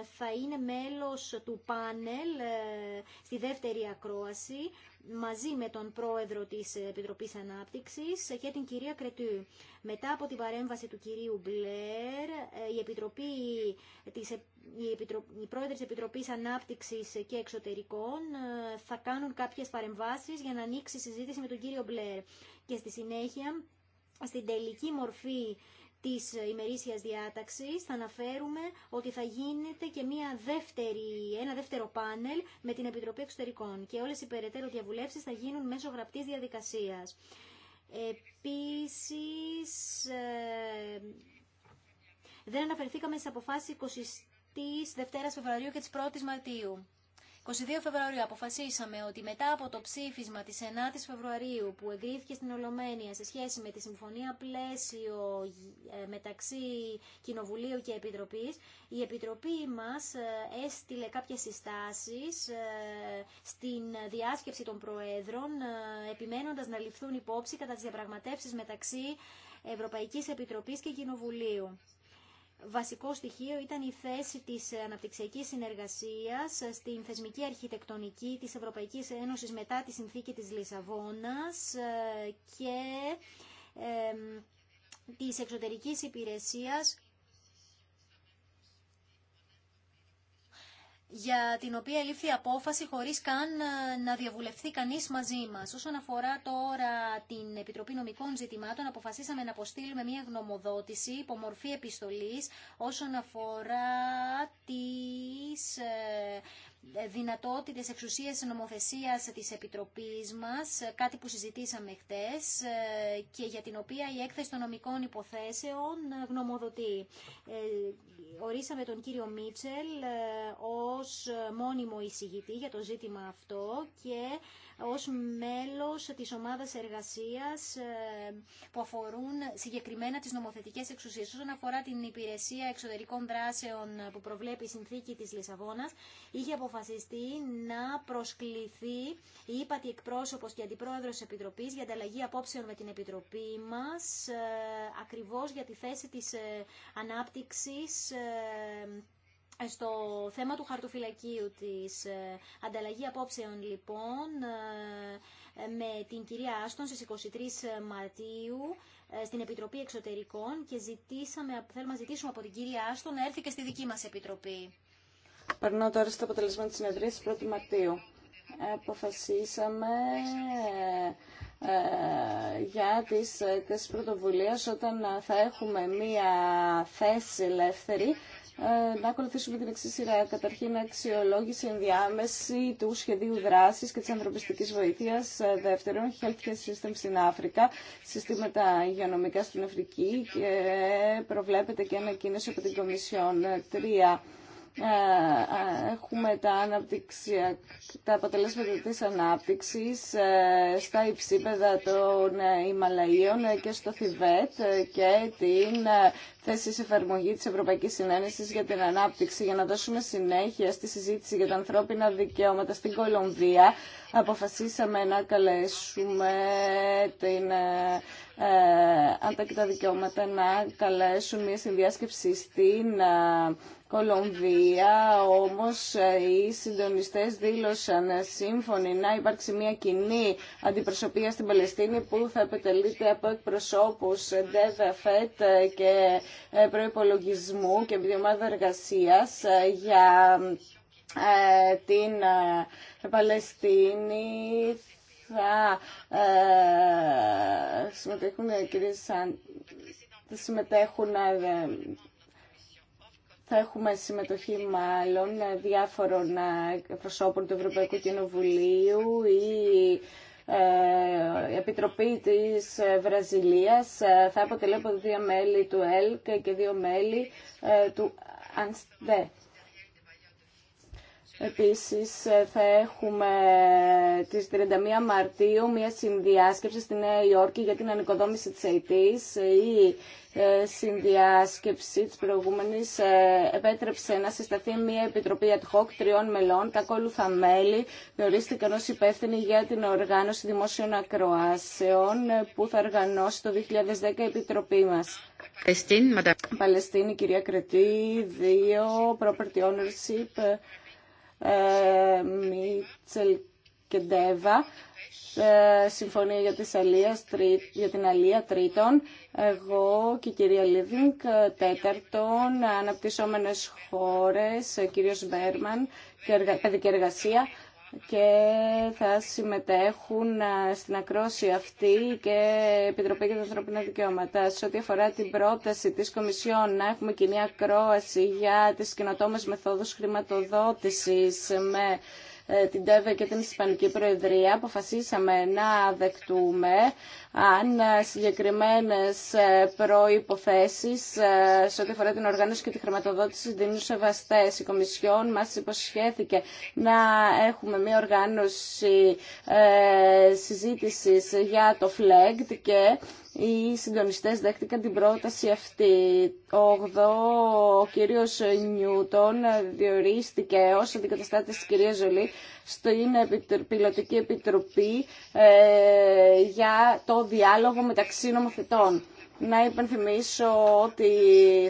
ε, θα είναι μέλος του πάνελ ε, στη δεύτερη ακρόαση μαζί με τον πρόεδρο της Επιτροπής Ανάπτυξης και την κυρία Κρετού. Μετά από την παρέμβαση του κυρίου Μπλερ, ε, η, Επιτροπή, της, η, Επιτρο, πρόεδρος Επιτροπής Ανάπτυξης και Εξωτερικών θα κάνουν κάποιες παρεμβάσεις για να ανοίξει η συζήτηση με τον κύριο Μπλερ και στη συνέχεια στην τελική μορφή της ημερήσιας διάταξης θα αναφέρουμε ότι θα γίνεται και μια δεύτερη, ένα δεύτερο πάνελ με την Επιτροπή Εξωτερικών και όλες οι περαιτέρω διαβουλεύσεις θα γίνουν μέσω γραπτής διαδικασίας. Επίσης, ε, δεν αναφερθήκαμε στις αποφάσεις 20 Δευτέρας Φεβρουαρίου και της 1ης Μαρτίου. 22 Φεβρουαρίου αποφασίσαμε ότι μετά από το ψήφισμα της 9 η Φεβρουαρίου που εγκρίθηκε στην Ολομένεια σε σχέση με τη Συμφωνία Πλαίσιο ε, μεταξύ Κοινοβουλίου και Επιτροπής, η Επιτροπή μας ε, έστειλε κάποιες συστάσεις ε, στην διάσκεψη των Προέδρων επιμένοντας να ληφθούν υπόψη κατά τις διαπραγματεύσεις μεταξύ Ευρωπαϊκής Επιτροπής και Κοινοβουλίου βασικό στοιχείο ήταν η θέση της αναπτυξιακής συνεργασίας στην θεσμική αρχιτεκτονική της Ευρωπαϊκής Ένωσης μετά τη συνθήκη της Λισαβόνας και της εξωτερικής υπηρεσίας για την οποία λήφθη απόφαση χωρίς καν ε, να διαβουλευθεί κανείς μαζί μας. Όσον αφορά τώρα την Επιτροπή Νομικών Ζητημάτων, αποφασίσαμε να αποστείλουμε μια γνωμοδότηση υπό μορφή επιστολής όσον αφορά τις ε, δυνατότητες εξουσίας νομοθεσίας της Επιτροπής μας, κάτι που συζητήσαμε χτες ε, και για την οποία η έκθεση των νομικών υποθέσεων γνωμοδοτεί. Ε, ορίσαμε τον κύριο Μίτσελ ε, ως μόνιμο εισηγητή για το ζήτημα αυτό και ως μέλος της ομάδας εργασίας ε, που αφορούν συγκεκριμένα τις νομοθετικές εξουσίες. Όσον αφορά την υπηρεσία εξωτερικών δράσεων που προβλέπει η συνθήκη της Λισαβόνας, είχε αποφασιστεί να προσκληθεί η ύπατη εκπρόσωπος και αντιπρόεδρος της Επιτροπής για ανταλλαγή απόψεων με την Επιτροπή μας, ε, ακριβώς για τη θέση της ε, ανάπτυξης ε, στο θέμα του χαρτοφυλακίου της ε, ανταλλαγή απόψεων λοιπόν ε, με την κυρία Άστον στις 23 Μαρτίου στην Επιτροπή Εξωτερικών και ζητήσαμε, θέλουμε να ζητήσουμε από την κυρία Άστον να έρθει και στη δική μας Επιτροπή. Περνώ τώρα στο αποτελεσμα της συνεδρίας 1η Μαρτίου. Αποφασίσαμε για τις, τέσσερι πρωτοβουλίας όταν θα έχουμε μία θέση ελεύθερη ε, να ακολουθήσουμε την εξή σειρά. Καταρχήν, αξιολόγηση ενδιάμεση του σχεδίου δράση και τη ανθρωπιστική βοήθεια. Ε, δεύτερον, care Systems στην Αφρικά, συστήματα υγειονομικά στην Αφρική και προβλέπεται και ανακοίνωση από την Κομισιόν. Ε, τρία, ε, έχουμε τα, τα αποτελέσματα της ανάπτυξης ε, στα υψίπεδα των ε, Ιμαλαίων και στο Θιβέτ και την θέση σε εφαρμογή της Ευρωπαϊκής Συνένεσης για την Ανάπτυξη για να δώσουμε συνέχεια στη συζήτηση για τα ανθρώπινα δικαιώματα στην Κολομβία. Αποφασίσαμε να καλέσουμε την ε, δικαιώματα να καλέσουν μια συνδιάσκεψη στην Κολομβία όμως ε, οι συντονιστές δήλωσαν ε, σύμφωνοι να υπάρξει μια κοινή αντιπροσωπεία στην Παλαιστίνη που θα επιτελείται από εκπροσώπους ε, ΔΕΒΕΦΕΤ και προϋπολογισμού και μια εργασίας για την Παλαιστίνη θα συμμετέχουν κυρίες συμμετέχουν θα έχουμε συμμετοχή μάλλον διάφορων ε, προσώπων του Ευρωπαϊκού Κοινοβουλίου ή ε, η Επιτροπή της Βραζιλίας ε, θα αποτελεί από δύο μέλη του ΕΛΚ και δύο μέλη του ΑΝΣΤΕ. Επίσης ε, θα έχουμε ε, τις 31 Μαρτίου μια συνδιάσκεψη στη Νέα Υόρκη για την ανοικοδόμηση της ΑΕΤΗΣ. Η ε, συνδιάσκεψη της προηγούμενης επέτρεψε να συσταθεί μια επιτροπή ad hoc τριών μελών. Τα ακόλουθα μέλη γνωρίστηκαν ως υπεύθυνοι για την οργάνωση δημόσιων ακροάσεων που θα οργανώσει το 2010 η επιτροπή μας. Παλαιστίνη, κυρία Κρετή, δύο property ownership, ε, Μίτσελ και Ντέβα, ε, συμφωνία για, τις για την Αλία τρίτον, εγώ και η κυρία Λίβινγκ ε, τέταρτον, αναπτυσσόμενες χώρες, κύριος Μπέρμαν και παιδική εργασία και θα συμμετέχουν ε, στην ακρόση αυτή και Επιτροπή για τα Ανθρώπινα Δικαιώματα. Σε ό,τι αφορά την πρόταση της Κομισιόν να έχουμε κοινή ακρόαση για τις κοινοτόμες μεθόδους χρηματοδότησης με ε, την ΤΕΒΕ και την Ισπανική Προεδρία αποφασίσαμε να δεκτούμε αν ε, συγκεκριμένες ε, προϋποθέσεις ε, σε ό,τι αφορά την οργάνωση και τη χρηματοδότηση δίνουν σεβαστές. Η Κομισιόν μας υποσχέθηκε να έχουμε μια οργάνωση συζήτησης για το FLEGT και οι συντονιστές δέχτηκαν την πρόταση αυτή. Ο 8, ο κύριος Νιούτον διορίστηκε ως αντικαταστάτης της κυρίας Ζολή στην Πιλωτική Επιτροπή ε, για το διάλογο μεταξύ νομοθετών. Να υπενθυμίσω ότι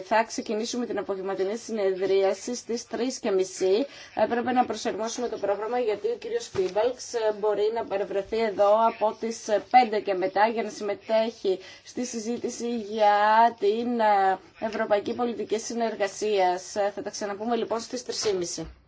θα ξεκινήσουμε την απογευματινή συνεδρίαση στις 3.30. Έπρεπε να προσαρμόσουμε το πρόγραμμα γιατί ο κύριος Φίμπαλξ μπορεί να παρευρεθεί εδώ από τις 5 και μετά για να συμμετέχει στη συζήτηση για την ε, Ευρωπαϊκή Πολιτική Συνεργασία. Θα τα ξαναπούμε λοιπόν στις 3.30.